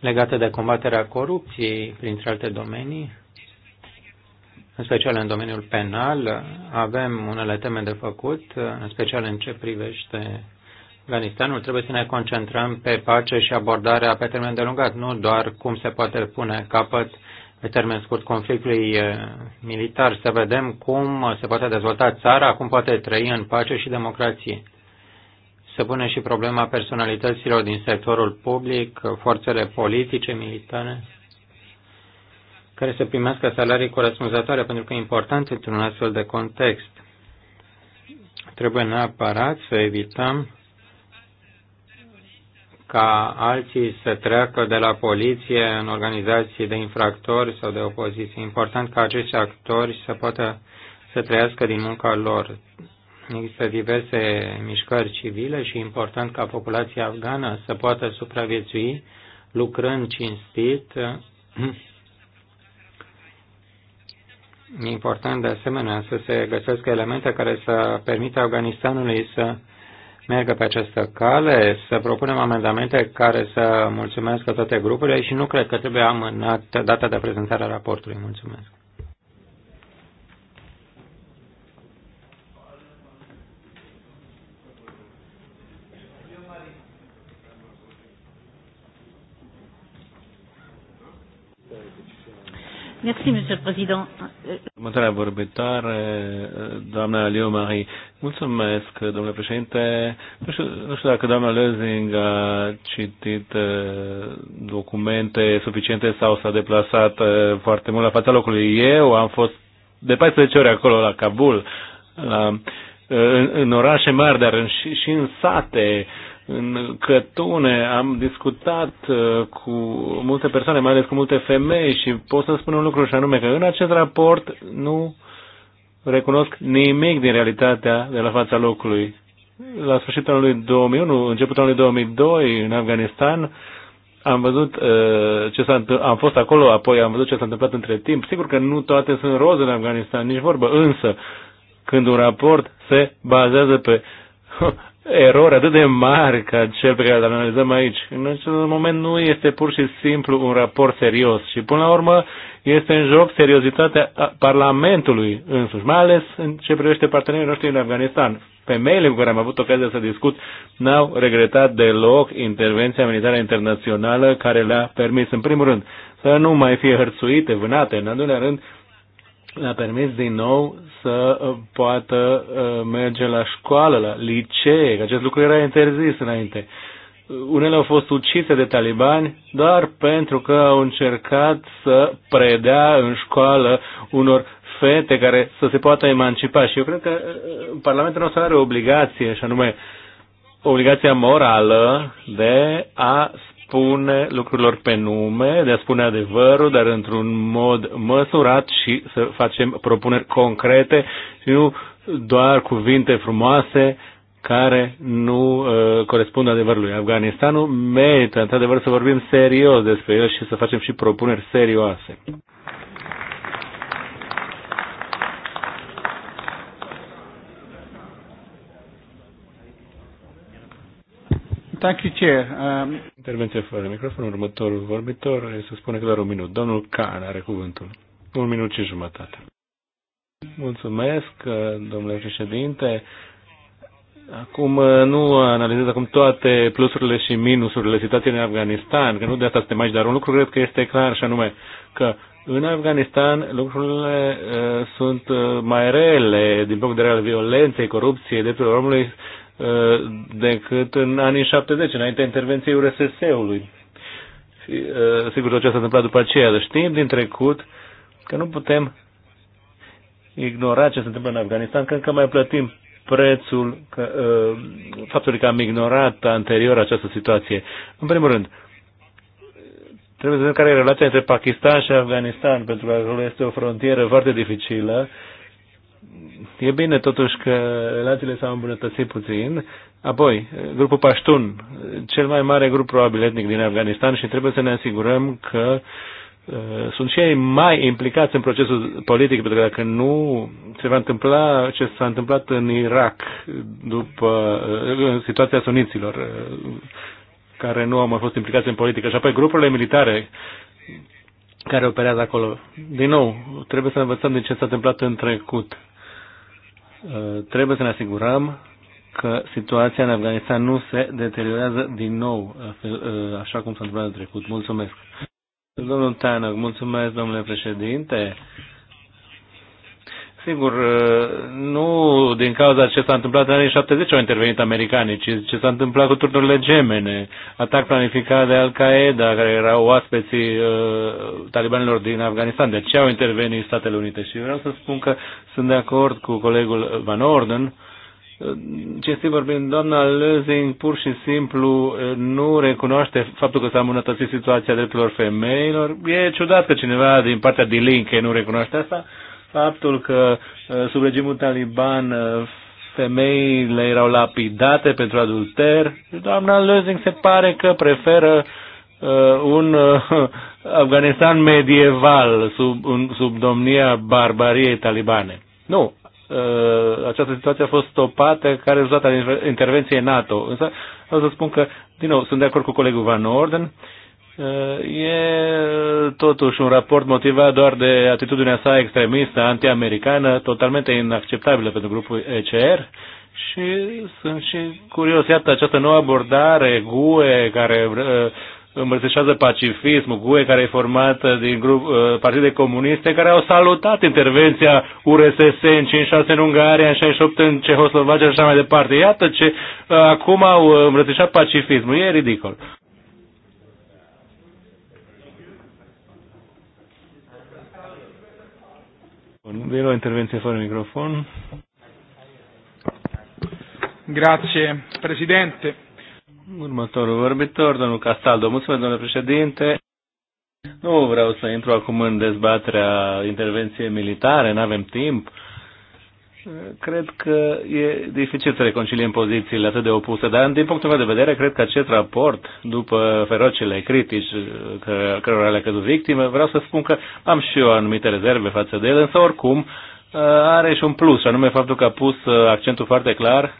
legată de combaterea corupției, printre alte domenii, în special în domeniul penal. Avem unele teme de făcut, în special în ce privește Afganistanul. Trebuie să ne concentrăm pe pace și abordarea pe termen lungat, nu doar cum se poate pune capăt pe termen scurt conflictului militar, să vedem cum se poate dezvolta țara, cum poate trăi în pace și democrație. Se pune și problema personalităților din sectorul public, forțele politice, militare, care să primească salarii corespunzătoare, pentru că e important într-un astfel de context. Trebuie neapărat să evităm ca alții să treacă de la poliție în organizații de infractori sau de opoziție. E important ca acești actori să poată să trăiască din munca lor. Există diverse mișcări civile și e important ca populația afgană să poată supraviețui lucrând cinstit. E important de asemenea să se găsească elemente care să permită Afganistanului să meargă pe această cale, să propunem amendamente care să mulțumesc toate grupurile și nu cred că trebuie amânat data de prezentare a raportului. Mulțumesc. Merci, Monsieur le Président. Următoarea vorbitoare, doamna Liu Marie. Mulțumesc, domnule președinte. Nu știu, nu știu dacă doamna Lezing a citit documente suficiente sau s-a deplasat foarte mult la fața locului. Eu am fost de 14 ori acolo la Kabul, la, în, în orașe mari, dar în, și, și în sate în Cătune am discutat uh, cu multe persoane, mai ales cu multe femei și pot să spun un lucru și anume că în acest raport nu recunosc nimic din realitatea de la fața locului. La sfârșitul anului 2001, începutul anului 2002, în Afganistan, am văzut uh, ce s-a am fost acolo, apoi am văzut ce s-a întâmplat între timp. Sigur că nu toate sunt roze în Afganistan, nici vorbă, însă când un raport se bazează pe erori atât de mari ca cel pe care îl analizăm aici. În acest moment nu este pur și simplu un raport serios și până la urmă este în joc seriozitatea Parlamentului însuși, mai ales în ce privește partenerii noștri în Afganistan. Femeile cu care am avut ocazia să discut n-au regretat deloc intervenția militară internațională care le-a permis, în primul rând, să nu mai fie hărțuite, vânate, în al doilea rând, le-a permis din nou să uh, poată uh, merge la școală, la licee, că acest lucru era interzis înainte. Unele au fost ucise de talibani doar pentru că au încercat să predea în școală unor fete care să se poată emancipa. Și eu cred că uh, Parlamentul nostru are o obligație, și anume obligația morală de a spune lucrurilor pe nume, de a spune adevărul, dar într-un mod măsurat și să facem propuneri concrete și nu doar cuvinte frumoase care nu uh, corespund adevărului. Afganistanul merită, într-adevăr, să vorbim serios despre el și să facem și propuneri serioase. Thank you, Chair. Um... Intervenție fără microfon. Următorul vorbitor să spune că doar un minut. Domnul Can are cuvântul. Un minut și jumătate. Mulțumesc, uh, domnule președinte. Acum uh, nu analizez acum toate plusurile și minusurile situației în Afganistan, că nu de asta suntem aici, dar un lucru cred că este clar și anume că în Afganistan lucrurile uh, sunt uh, mai rele din punct de vedere al violenței, corupției, drepturilor omului Uh, decât în anii 70, înaintea intervenției URSS-ului. Și, uh, sigur, tot ce s-a întâmplat după aceea, dar știm din trecut că nu putem ignora ce se întâmplă în Afganistan, că încă mai plătim prețul că, uh, faptului că am ignorat anterior această situație. În primul rând, trebuie să vedem care e relația între Pakistan și Afganistan, pentru că acolo este o frontieră foarte dificilă e bine totuși că relațiile s-au îmbunătățit puțin. Apoi, grupul Paștun, cel mai mare grup probabil etnic din Afganistan și trebuie să ne asigurăm că uh, sunt și ei mai implicați în procesul politic, pentru că dacă nu se va întâmpla ce s-a întâmplat în Irak după uh, situația suniților, uh, care nu au mai fost implicați în politică. Și apoi grupurile militare, care operează acolo. Din nou, trebuie să învățăm din ce s-a întâmplat în trecut. Eh, trebuie să ne asigurăm că situația în Afganistan nu se deteriorează din nou, eh, eh, așa cum s-a întâmplat în trecut. Mulțumesc. Domnul Tanăg, mulțumesc, domnule președinte. Sigur, uh, nu din cauza ce s-a întâmplat în anii 70 au intervenit americanii, ci ce s-a întâmplat cu turnurile gemene, atac planificat de Al-Qaeda, care erau oaspeții uh, talibanilor din Afganistan. De ce au intervenit Statele Unite? Și vreau să spun că sunt de acord cu colegul Van Orden. Uh, stii vorbind, doamna Lezing pur și simplu uh, nu recunoaște faptul că s-a îmbunătățit situația drepturilor femeilor. E ciudat că cineva din partea din Linke nu recunoaște asta faptul că uh, sub regimul taliban uh, femeile erau lapidate pentru adulter. Doamna Lozing se pare că preferă uh, un uh, Afganistan medieval sub, un, sub domnia barbariei talibane. Nu, uh, această situație a fost stopată ca rezultat al intervenției NATO. Însă vreau să spun că, din nou, sunt de acord cu colegul Van Orden, uh, E totuși un raport motivat doar de atitudinea sa extremistă, anti anti-americană, totalmente inacceptabilă pentru grupul ECR și sunt și curios, iată, această nouă abordare, GUE, care uh, îmbrățișează pacifismul, GUE care e formată din grup, uh, partide comuniste care au salutat intervenția URSS în 56 în Ungaria, în 68 în Cehoslovacia și așa mai departe. Iată ce uh, acum au îmbrățișat pacifismul. E ridicol. Bun, vine intervenție fără microfon. Grazie, președinte. Următorul vorbitor, domnul Castaldo. Mulțumesc, domnule președinte. Nu vreau să intru acum în dezbaterea intervenției militare, nu avem timp. Cred că e dificil să reconciliem pozițiile atât de opuse, dar din punctul meu de vedere, cred că acest raport, după ferocele critici cărora le-a căzut victime, vreau să spun că am și eu anumite rezerve față de el, însă oricum uh, are și un plus, și anume faptul că a pus uh, accentul foarte clar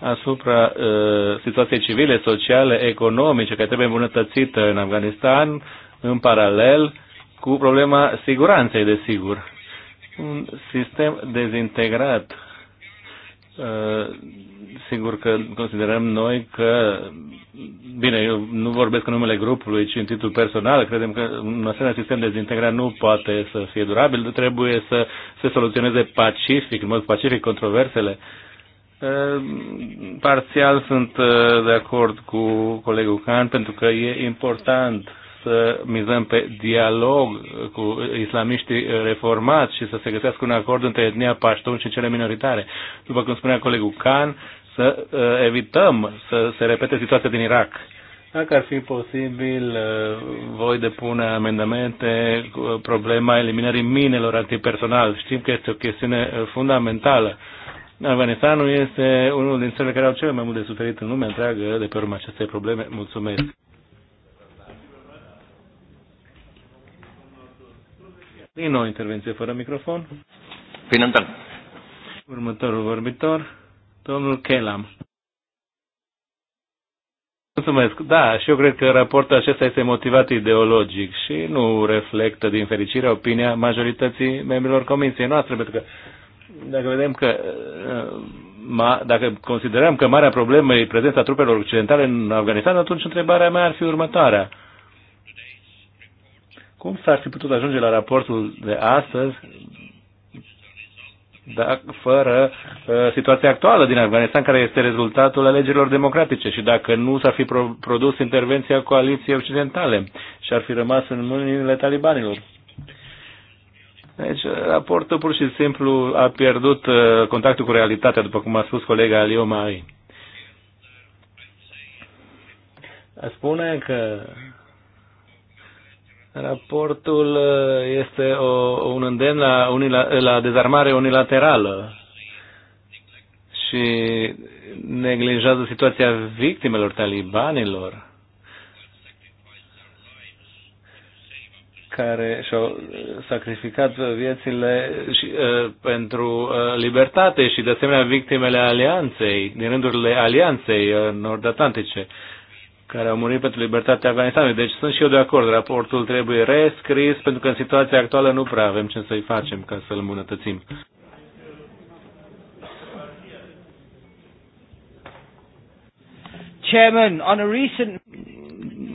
asupra uh, situației civile, sociale, economice, care trebuie îmbunătățită în Afganistan, în paralel cu problema siguranței, desigur un sistem dezintegrat. Uh, sigur că considerăm noi că, bine, eu nu vorbesc în numele grupului, ci în titlul personal, credem că un asemenea sistem dezintegrat nu poate să fie durabil, trebuie să se soluționeze pacific, în mod pacific, controversele. Uh, parțial sunt uh, de acord cu colegul Khan pentru că e important să mizăm pe dialog cu islamiștii reformați și să se găsească un acord între etnia paștun și cele minoritare. După cum spunea colegul Khan, să uh, evităm să se repete situația din Irak. Dacă ar fi posibil, uh, voi depune amendamente cu problema eliminării minelor antipersonal. Știm că este o chestiune uh, fundamentală. Afganistanul este unul din țările care au cel mai mult de suferit în lumea întreagă de pe urma acestei probleme. Mulțumesc! Din nou intervenție fără microfon. Binantăn. Următorul vorbitor, domnul Kelam. Mulțumesc. Da, și eu cred că raportul acesta este motivat ideologic și nu reflectă, din fericire, opinia majorității membrilor comisiei noastre, pentru că dacă vedem că uh, ma, dacă considerăm că marea problemă e prezența trupelor occidentale în Afganistan, atunci întrebarea mea ar fi următoarea. Uh, cum s-ar fi putut ajunge la raportul de astăzi dacă fără uh, situația actuală din Afganistan, care este rezultatul alegerilor democratice și dacă nu s-ar fi pro- produs intervenția coaliției occidentale și ar fi rămas în mâinile talibanilor. Deci, raportul pur și simplu a pierdut uh, contactul cu realitatea, după cum a spus colega Alio Mai. Spune că Raportul uh, este o, un îndemn la, unila, la dezarmare unilaterală și neglijează situația victimelor talibanilor care și-au uh, sacrificat viețile și, uh, pentru uh, libertate și de asemenea victimele alianței, din rândurile alianței uh, nord-atlantice. Uh, care au murit pentru libertatea Afganistanului. Deci sunt și eu de acord, raportul trebuie rescris, pentru că în situația actuală nu prea avem ce să-i facem ca să-l îmbunătățim. Chairman, on a recent...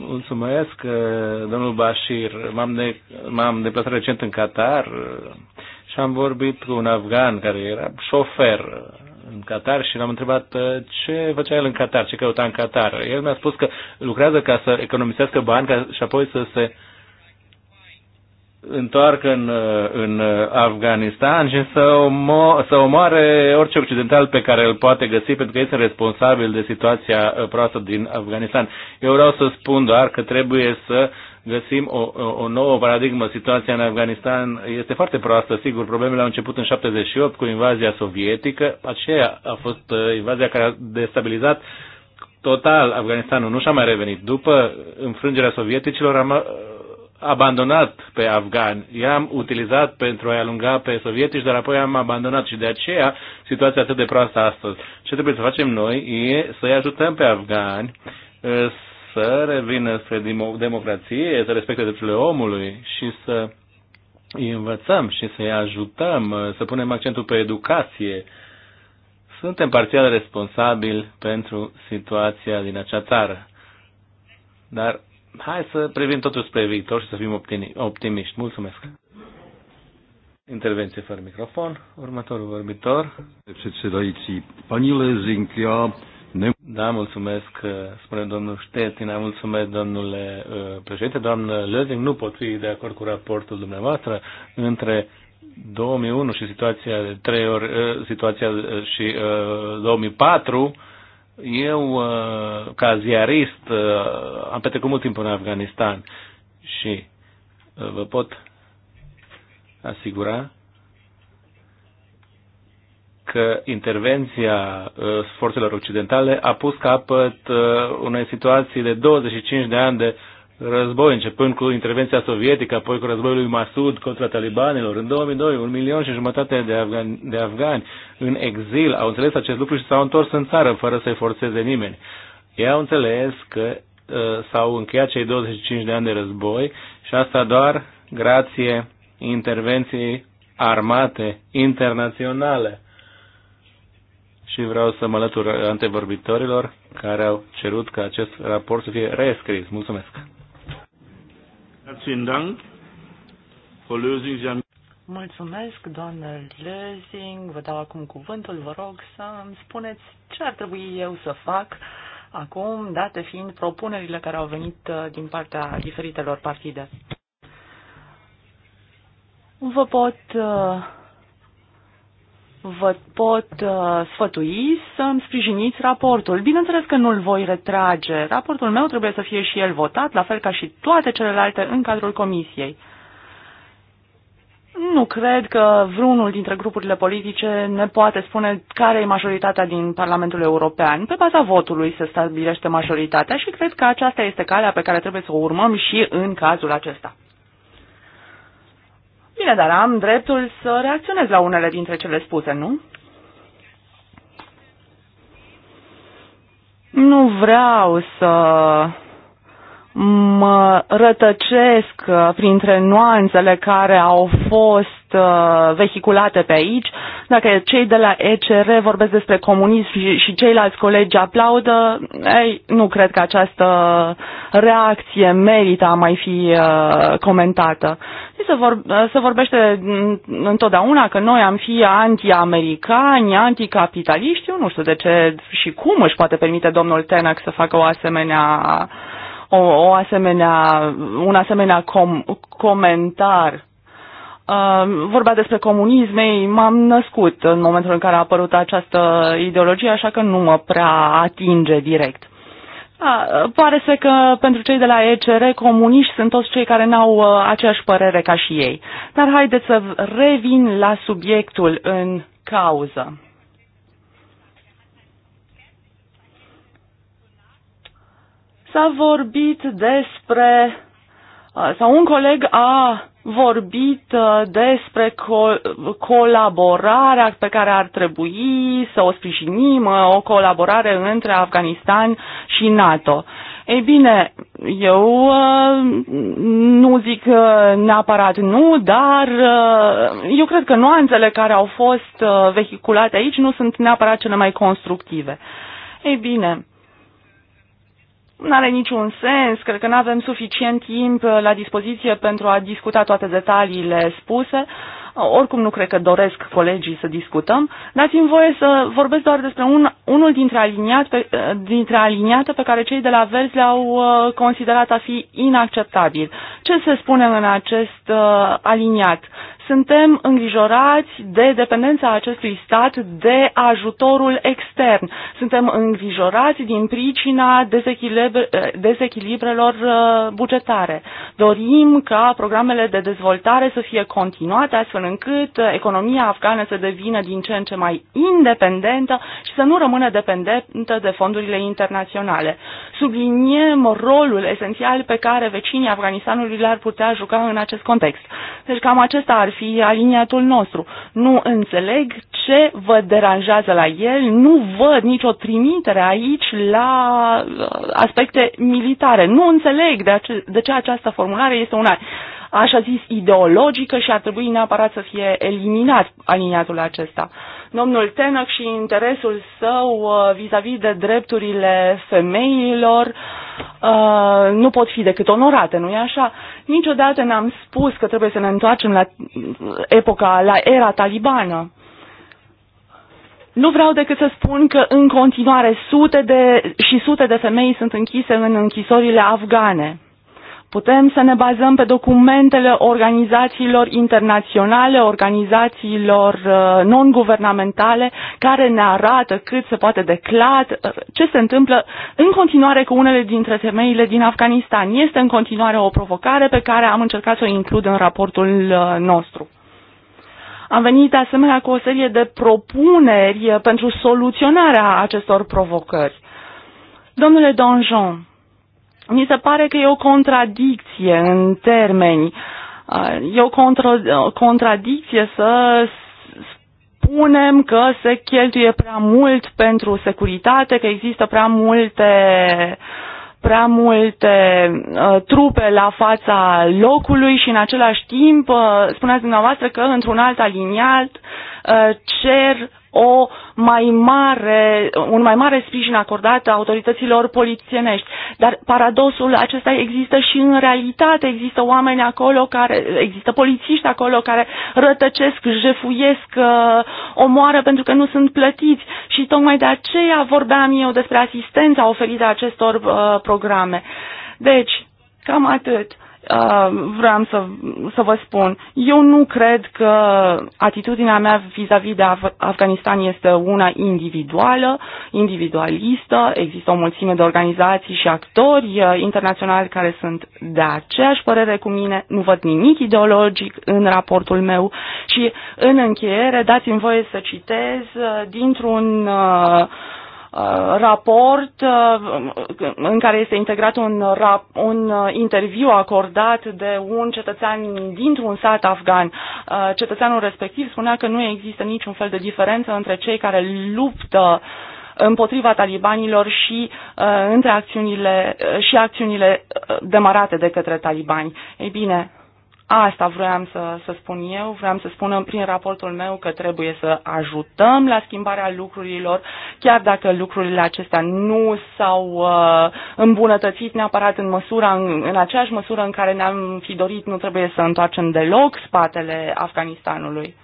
Mulțumesc, domnul Bashir. M-am, de, m-am deplasat recent în Qatar și am vorbit cu un afgan care era șofer în Qatar și l-am întrebat uh, ce făcea el în Qatar, ce căuta în Qatar. El mi-a spus că lucrează ca să economisească bani ca, și apoi să se întoarcă în, uh, în uh, Afganistan și să, omo- să omoare orice occidental pe care îl poate găsi, pentru că este responsabil de situația proastă din Afganistan. Eu vreau să spun doar că trebuie să găsim o, o, o nouă paradigmă. Situația în Afganistan este foarte proastă, sigur. Problemele au început în 78 cu invazia sovietică. Aceea a fost uh, invazia care a destabilizat total Afganistanul. Nu și-a mai revenit. După înfrângerea sovieticilor am uh, abandonat pe afgani. I-am utilizat pentru a-i alunga pe sovietici, dar apoi am abandonat și de aceea situația atât de proastă astăzi. Ce trebuie să facem noi e să-i ajutăm pe afgani uh, să revină spre democrație, să respecte drepturile omului și să îi învățăm și să-i ajutăm, să punem accentul pe educație. Suntem parțial responsabili pentru situația din acea țară. Dar hai să privim totul spre viitor și să fim optimiști. Mulțumesc! Intervenție fără microfon. Următorul vorbitor. Președinte, Panile Lezink, da, mulțumesc, uh, spune domnul Ștețina, da, mulțumesc domnule uh, președinte. Doamnă Lăzing, nu pot fi de acord cu raportul dumneavoastră între 2001 și situația de 3 ori, uh, situația și 2004 eu, ca ziarist, am petrecut mult timp în Afganistan și vă pot asigura că intervenția uh, forțelor occidentale a pus capăt uh, unei situații de 25 de ani de război, începând cu intervenția sovietică, apoi cu războiul lui Masud contra talibanilor. În 2002, un milion și jumătate de, afgani, de afgani în exil au înțeles acest lucru și s-au întors în țară fără să-i forțeze nimeni. Ei au înțeles că uh, s-au încheiat cei 25 de ani de război și asta doar grație intervenției armate internaționale și vreau să mă alătur antevorbitorilor care au cerut ca acest raport să fie reescris. Mulțumesc! Mulțumesc, doamnă Lezing. Vă dau acum cuvântul. Vă rog să îmi spuneți ce ar trebui eu să fac acum, date fiind propunerile care au venit uh, din partea diferitelor partide. Vă pot uh, vă pot uh, sfătui să-mi sprijiniți raportul. Bineînțeles că nu-l voi retrage. Raportul meu trebuie să fie și el votat, la fel ca și toate celelalte în cadrul comisiei. Nu cred că vreunul dintre grupurile politice ne poate spune care e majoritatea din Parlamentul European. Pe baza votului se stabilește majoritatea și cred că aceasta este calea pe care trebuie să o urmăm și în cazul acesta. Bine, dar am dreptul să reacționez la unele dintre cele spuse, nu? Nu vreau să mă rătăcesc uh, printre nuanțele care au fost uh, vehiculate pe aici. Dacă cei de la ECR vorbesc despre comunism și, și ceilalți colegi aplaudă, ei, nu cred că această reacție merită a mai fi uh, comentată. Se, vor, se vorbește mm, întotdeauna că noi am fi anti-americani, anticapitaliști, eu nu știu de ce și cum își poate permite domnul Tenac să facă o asemenea uh, o, o asemenea, un asemenea com, comentar. Uh, vorbea despre comunism, ei, m-am născut în momentul în care a apărut această ideologie, așa că nu mă prea atinge direct. Da, pare să că pentru cei de la ECR, comuniști sunt toți cei care n-au uh, aceeași părere ca și ei. Dar haideți să revin la subiectul în cauză. S-a vorbit despre, uh, sau un coleg a vorbit uh, despre co- colaborarea pe care ar trebui să o sprijinim, uh, o colaborare între Afganistan și NATO. Ei bine, eu nu zic neapărat nu, dar eu cred că nuanțele care au fost vehiculate aici nu sunt neapărat cele mai constructive. Ei bine, nu are niciun sens, cred că nu avem suficient timp uh, la dispoziție pentru a discuta toate detaliile spuse. Uh, oricum nu cred că doresc colegii să discutăm. Dați-mi voie să vorbesc doar despre un, unul dintre, aliniat pe, uh, dintre aliniate pe care cei de la Verzi le-au considerat a fi inacceptabil. Ce se spune în acest uh, aliniat? Suntem îngrijorați de dependența acestui stat de ajutorul extern. Suntem îngrijorați din pricina dezechilibrelor uh, bugetare. Dorim ca programele de dezvoltare să fie continuate astfel încât uh, economia afgană să devină din ce în ce mai independentă și să nu rămână dependentă de fondurile internaționale. Subliniem rolul esențial pe care vecinii Afganistanului l-ar putea juca în acest context. Deci cam acesta ar fi aliniatul nostru. Nu înțeleg ce vă deranjează la el, nu văd nicio trimitere aici la uh, aspecte militare. Nu înțeleg de, ace- de ce această formulare este una așa zis, ideologică și ar trebui neapărat să fie eliminat aliniatul acesta. Domnul Tenoc și interesul său uh, vis-a-vis -vis de drepturile femeilor uh, nu pot fi decât onorate, nu-i așa? Niciodată n-am spus că trebuie să ne întoarcem la epoca, la era talibană. Nu vreau decât să spun că în continuare sute de, și sute de femei sunt închise în închisorile afgane. Putem să ne bazăm pe documentele organizațiilor internaționale, organizațiilor uh, non-guvernamentale, care ne arată cât se poate declar uh, ce se întâmplă în continuare cu unele dintre femeile din Afganistan. Este în continuare o provocare pe care am încercat să o includ în raportul uh, nostru. Am venit de asemenea cu o serie de propuneri pentru soluționarea acestor provocări. Domnule Donjon, mi se pare că e o contradicție în termeni. E o contra, contradicție să spunem că se cheltuie prea mult pentru securitate, că există prea multe prea multe uh, trupe la fața locului și în același timp uh, spuneați dumneavoastră că într-un alt aliniat uh, cer o mai mare, un mai mare sprijin acordat autorităților polițienești. Dar paradoxul acesta există și în realitate. Există oameni acolo care, există polițiști acolo care rătăcesc, jefuiesc, uh, omoară pentru că nu sunt plătiți. Și tocmai de aceea vorbeam eu despre asistența oferită acestor uh, programe. Deci, cam atât. Uh, vreau să, să vă spun, eu nu cred că atitudinea mea vis-a-vis -vis de Af- Afganistan este una individuală, individualistă, există o mulțime de organizații și actori uh, internaționali care sunt de aceeași părere cu mine, nu văd nimic ideologic în raportul meu și în încheiere dați-mi voie să citez uh, dintr-un uh, Uh, raport uh, în care este integrat un, rap, un uh, interviu acordat de un cetățean dintr-un sat afgan. Cetățeanul respectiv spunea că nu există niciun fel de diferență între cei care luptă împotriva talibanilor și uh, între acțiunile și acțiunile demarate de către talibani. Ei bine, Asta vreau să, să spun eu, vreau să spun prin raportul meu că trebuie să ajutăm la schimbarea lucrurilor, chiar dacă lucrurile acestea nu s-au uh, îmbunătățit neapărat în măsura, în, în aceeași măsură în care ne-am fi dorit, nu trebuie să întoarcem deloc spatele Afganistanului.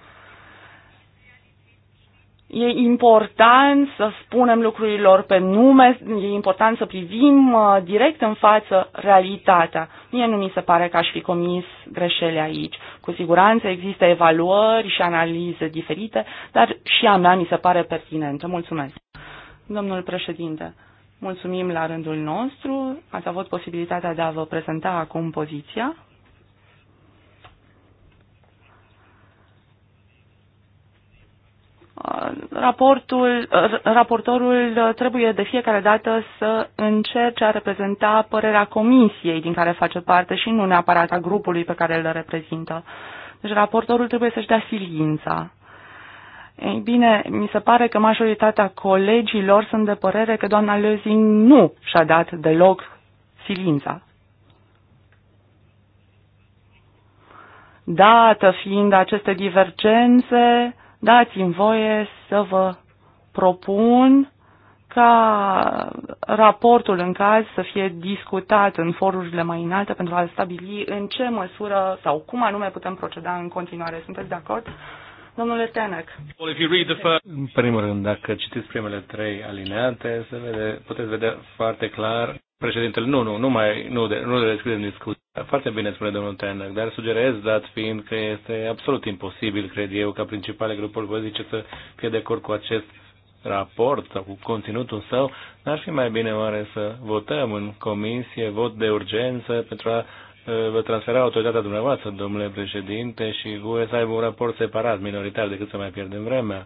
E important să spunem lucrurilor pe nume, e important să privim uh, direct în față realitatea. Mie nu mi se pare că aș fi comis greșeli aici. Cu siguranță există evaluări și analize diferite, dar și a mea mi se pare pertinentă. Mulțumesc. Domnul președinte, mulțumim la rândul nostru. Ați avut posibilitatea de a vă prezenta acum poziția. raportul, raportorul trebuie de fiecare dată să încerce a reprezenta părerea comisiei din care face parte și nu neapărat a grupului pe care îl reprezintă. Deci raportorul trebuie să-și dea silința. Ei bine, mi se pare că majoritatea colegilor sunt de părere că doamna Lözing nu și-a dat deloc silința. Dată fiind aceste divergențe, dați-mi voie să vă propun ca raportul în caz să fie discutat în forurile mai înalte pentru a stabili în ce măsură sau cum anume putem proceda în continuare. Sunteți de acord? Domnule Tenec. În primul rând, dacă citiți primele trei alineate, se vede, puteți vedea foarte clar Președintele, nu, nu, nu mai, nu, de, nu deschidem discuția. Foarte bine spune domnul Teanac, dar sugerez, dat fiind că este absolut imposibil, cred eu, ca principale grupuri politice să fie de acord cu acest raport sau cu conținutul său, n-ar fi mai bine oare să votăm în comisie, vot de urgență pentru a vă transfera autoritatea dumneavoastră, domnule președinte, și voi să aibă un raport separat, minoritar, decât să mai pierdem vremea.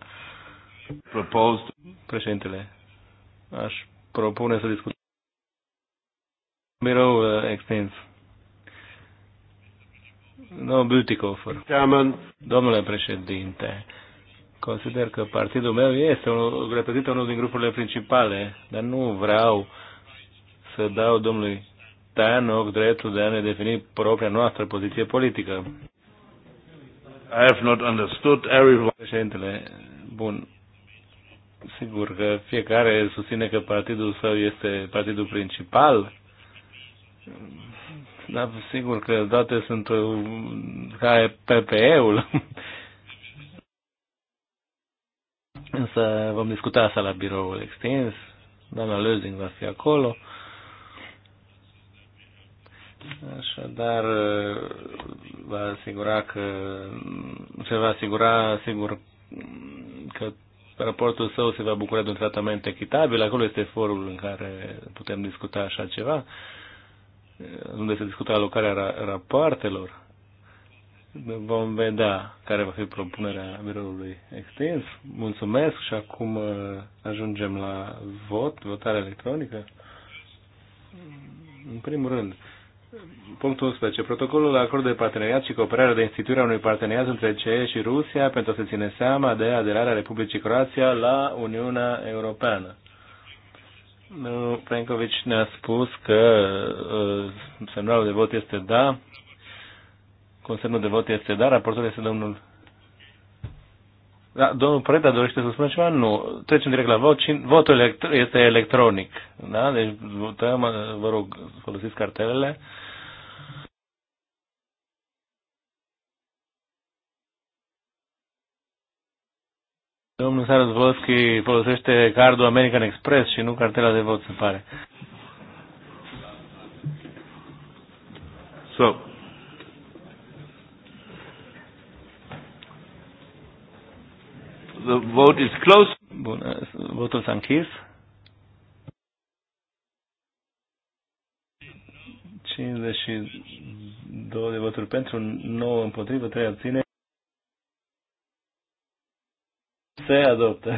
Proposed. Președintele, aș propune să discutăm mirou uh, extins. No, Butikofer. Domnule președinte, consider că partidul meu este unul, reprezintă unul din grupurile principale, dar nu vreau să dau domnului Tanoc dreptul de a ne defini propria noastră poziție politică. I have not understood everyone. Președintele, bun, sigur că fiecare susține că partidul său este partidul principal, da, sigur că date sunt uh, ca PPE-ul. Însă vom discuta asta la biroul extins. Doamna Lözing va fi acolo. Așadar, uh, va asigura că se va asigura, sigur, că raportul său se va bucura de un tratament echitabil. Acolo este forul în care putem discuta așa ceva. Uh, unde se discută alocarea ra rapoartelor. Vom vedea care va fi propunerea biroului extins. Mulțumesc și acum uh, ajungem la vot, votare electronică. În primul rând, Punctul 11. Protocolul la acord de parteneriat și cooperare de instituire a unui parteneriat între CE și Rusia pentru a se ține seama de aderarea Republicii Croația la Uniunea Europeană. Domnul Plenkovic ne-a spus că uh, semnalul de vot este da, consemnul de vot este da, raportul este domnul... Da, domnul Preda dorește să spună ceva? Nu. Trecem direct la vot. Votul este electronic. Da? Deci votăm, uh, vă rog, folosiți cartelele. Uh, Domnul Sarus Volski folosește cardul American Express și nu cartela de vot, se pare. So, the vote is closed. Bun, votul s-a închis. 52 de voturi pentru, 9 împotrivă, 3 abține. Se adoptă.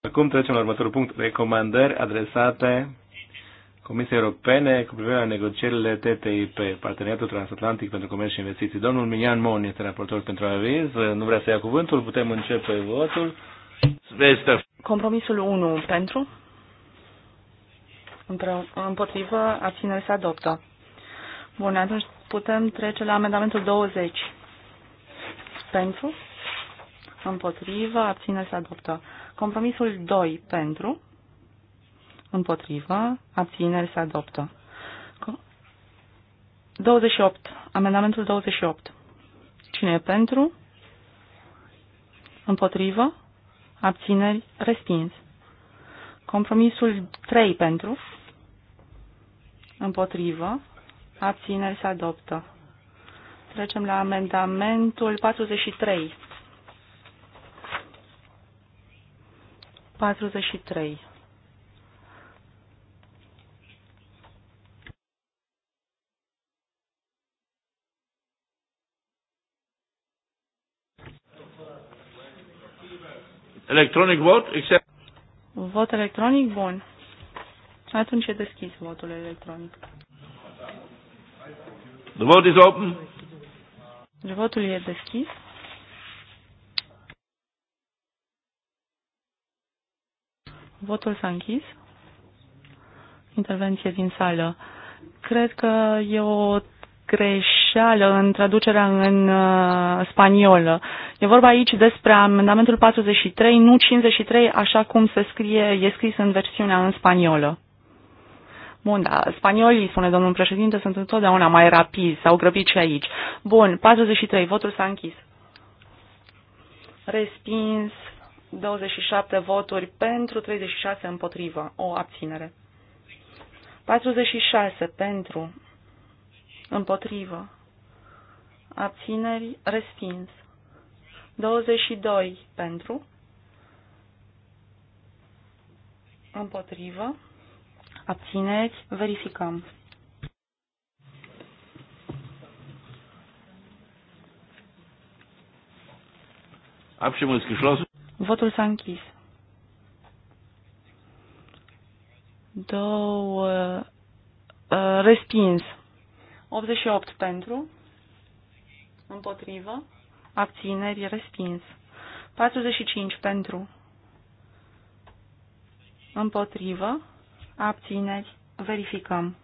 Acum trecem la următorul punct. Recomandări adresate Comisiei Europene cu privire la negocierile TTIP, Parteneriatul Transatlantic pentru Comerț și Investiții. Domnul Minian Mon este raportor pentru aviz. Nu vrea să ia cuvântul. Putem începe votul. Compromisul 1 pentru. Împotrivă, abținere se adoptă. Bun, atunci putem trece la amendamentul 20. Pentru. Împotrivă. abține să adoptă. Compromisul 2. Pentru. Împotrivă. abține să adoptă. 28. Amendamentul 28. Cine e pentru? Împotrivă? Abțineri? Respins. Compromisul 3 pentru? Împotrivă? Abțineri se adoptă. Trecem la amendamentul 43. 43. Electronic vot, except... Vot electronic? Bun. Atunci e deschis votul electronic. The vote is open. Deci votul e deschis. Votul s-a închis. Intervenție din sală. Cred că e o greșeală în traducerea în uh, spaniolă. E vorba aici despre amendamentul 43, nu 53, așa cum se scrie, e scris în versiunea în spaniolă. Bun, da, spaniolii, spune domnul președinte, sunt întotdeauna mai rapizi, s-au grăbit și aici. Bun, 43, votul s-a închis. Respins 27 voturi pentru, 36 împotrivă, o abținere. 46 pentru, împotrivă, abțineri, respins. 22 pentru, împotrivă, Abțineți? verificăm. Votul s-a închis. Două uh, uh respins. 88 pentru, împotrivă, abțineri, respins. 45 pentru, împotrivă, abțineri, verificăm.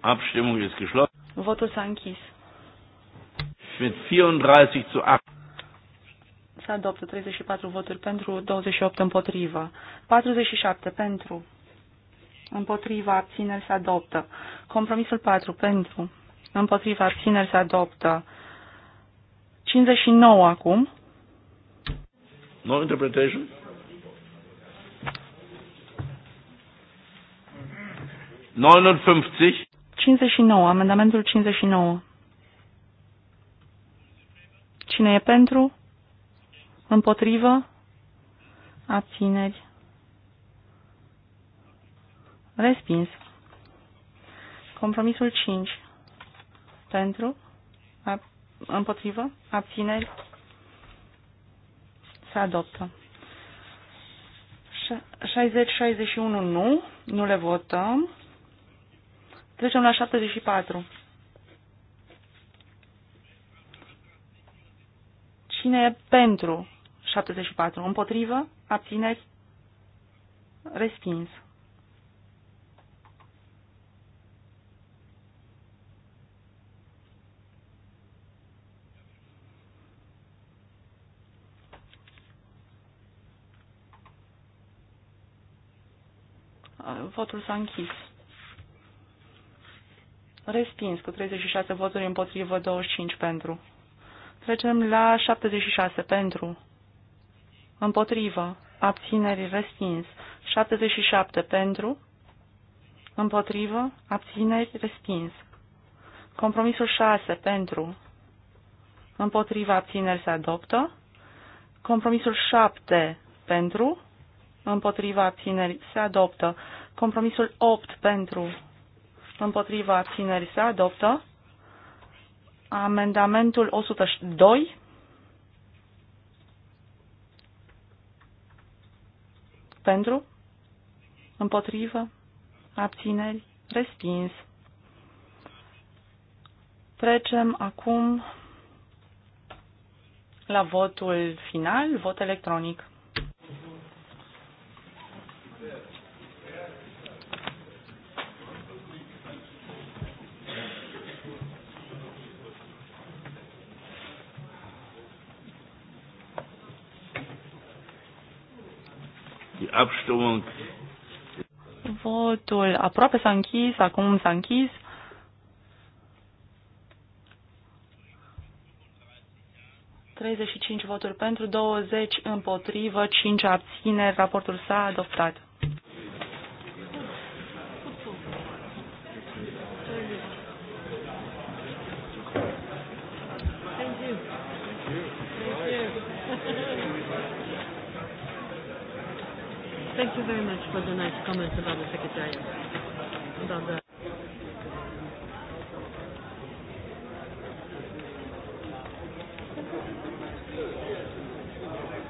Abstimmung ist geschlossen. Votul s-a închis. Mit 34 zu 8. Se adoptă 34 voturi pentru, 28 împotrivă. 47 pentru. Împotriva abțineri se adoptă. Compromisul 4 pentru. Împotriva abțineri se adoptă. 59 acum. No interpretation? Neunundfünfzig. 59. 59, amendamentul 59. Cine e pentru? Împotrivă? Abțineri. Respins. Compromisul 5. Pentru? Abțineri? Împotrivă? Abțineri? Se adoptă. 60-61 nu. Nu le votăm. Trecem la 74. Cine e pentru 74? Împotrivă? Abțineri? Respins. Votul s-a închis. Respins cu 36 voturi împotrivă, 25 pentru. Trecem la 76 pentru. Împotrivă. Abțineri respins. 77 pentru. Împotrivă. Abțineri respins. Compromisul 6 pentru. Împotrivă, abțineri se adoptă. Compromisul 7 pentru. Împotrivă, abțineri se adoptă. Compromisul 8 pentru împotriva abținerii se adoptă. Amendamentul 102 pentru împotrivă abțineri respins. Trecem acum la votul final, vot electronic. Abstimmung. Votul aproape s-a închis, acum s-a închis. Treizeci și cinci voturi pentru, 20 împotrivă, 5 abțineri. Raportul s-a adoptat. Thank you very much for the nice comments about the Secretariat. About da, the da.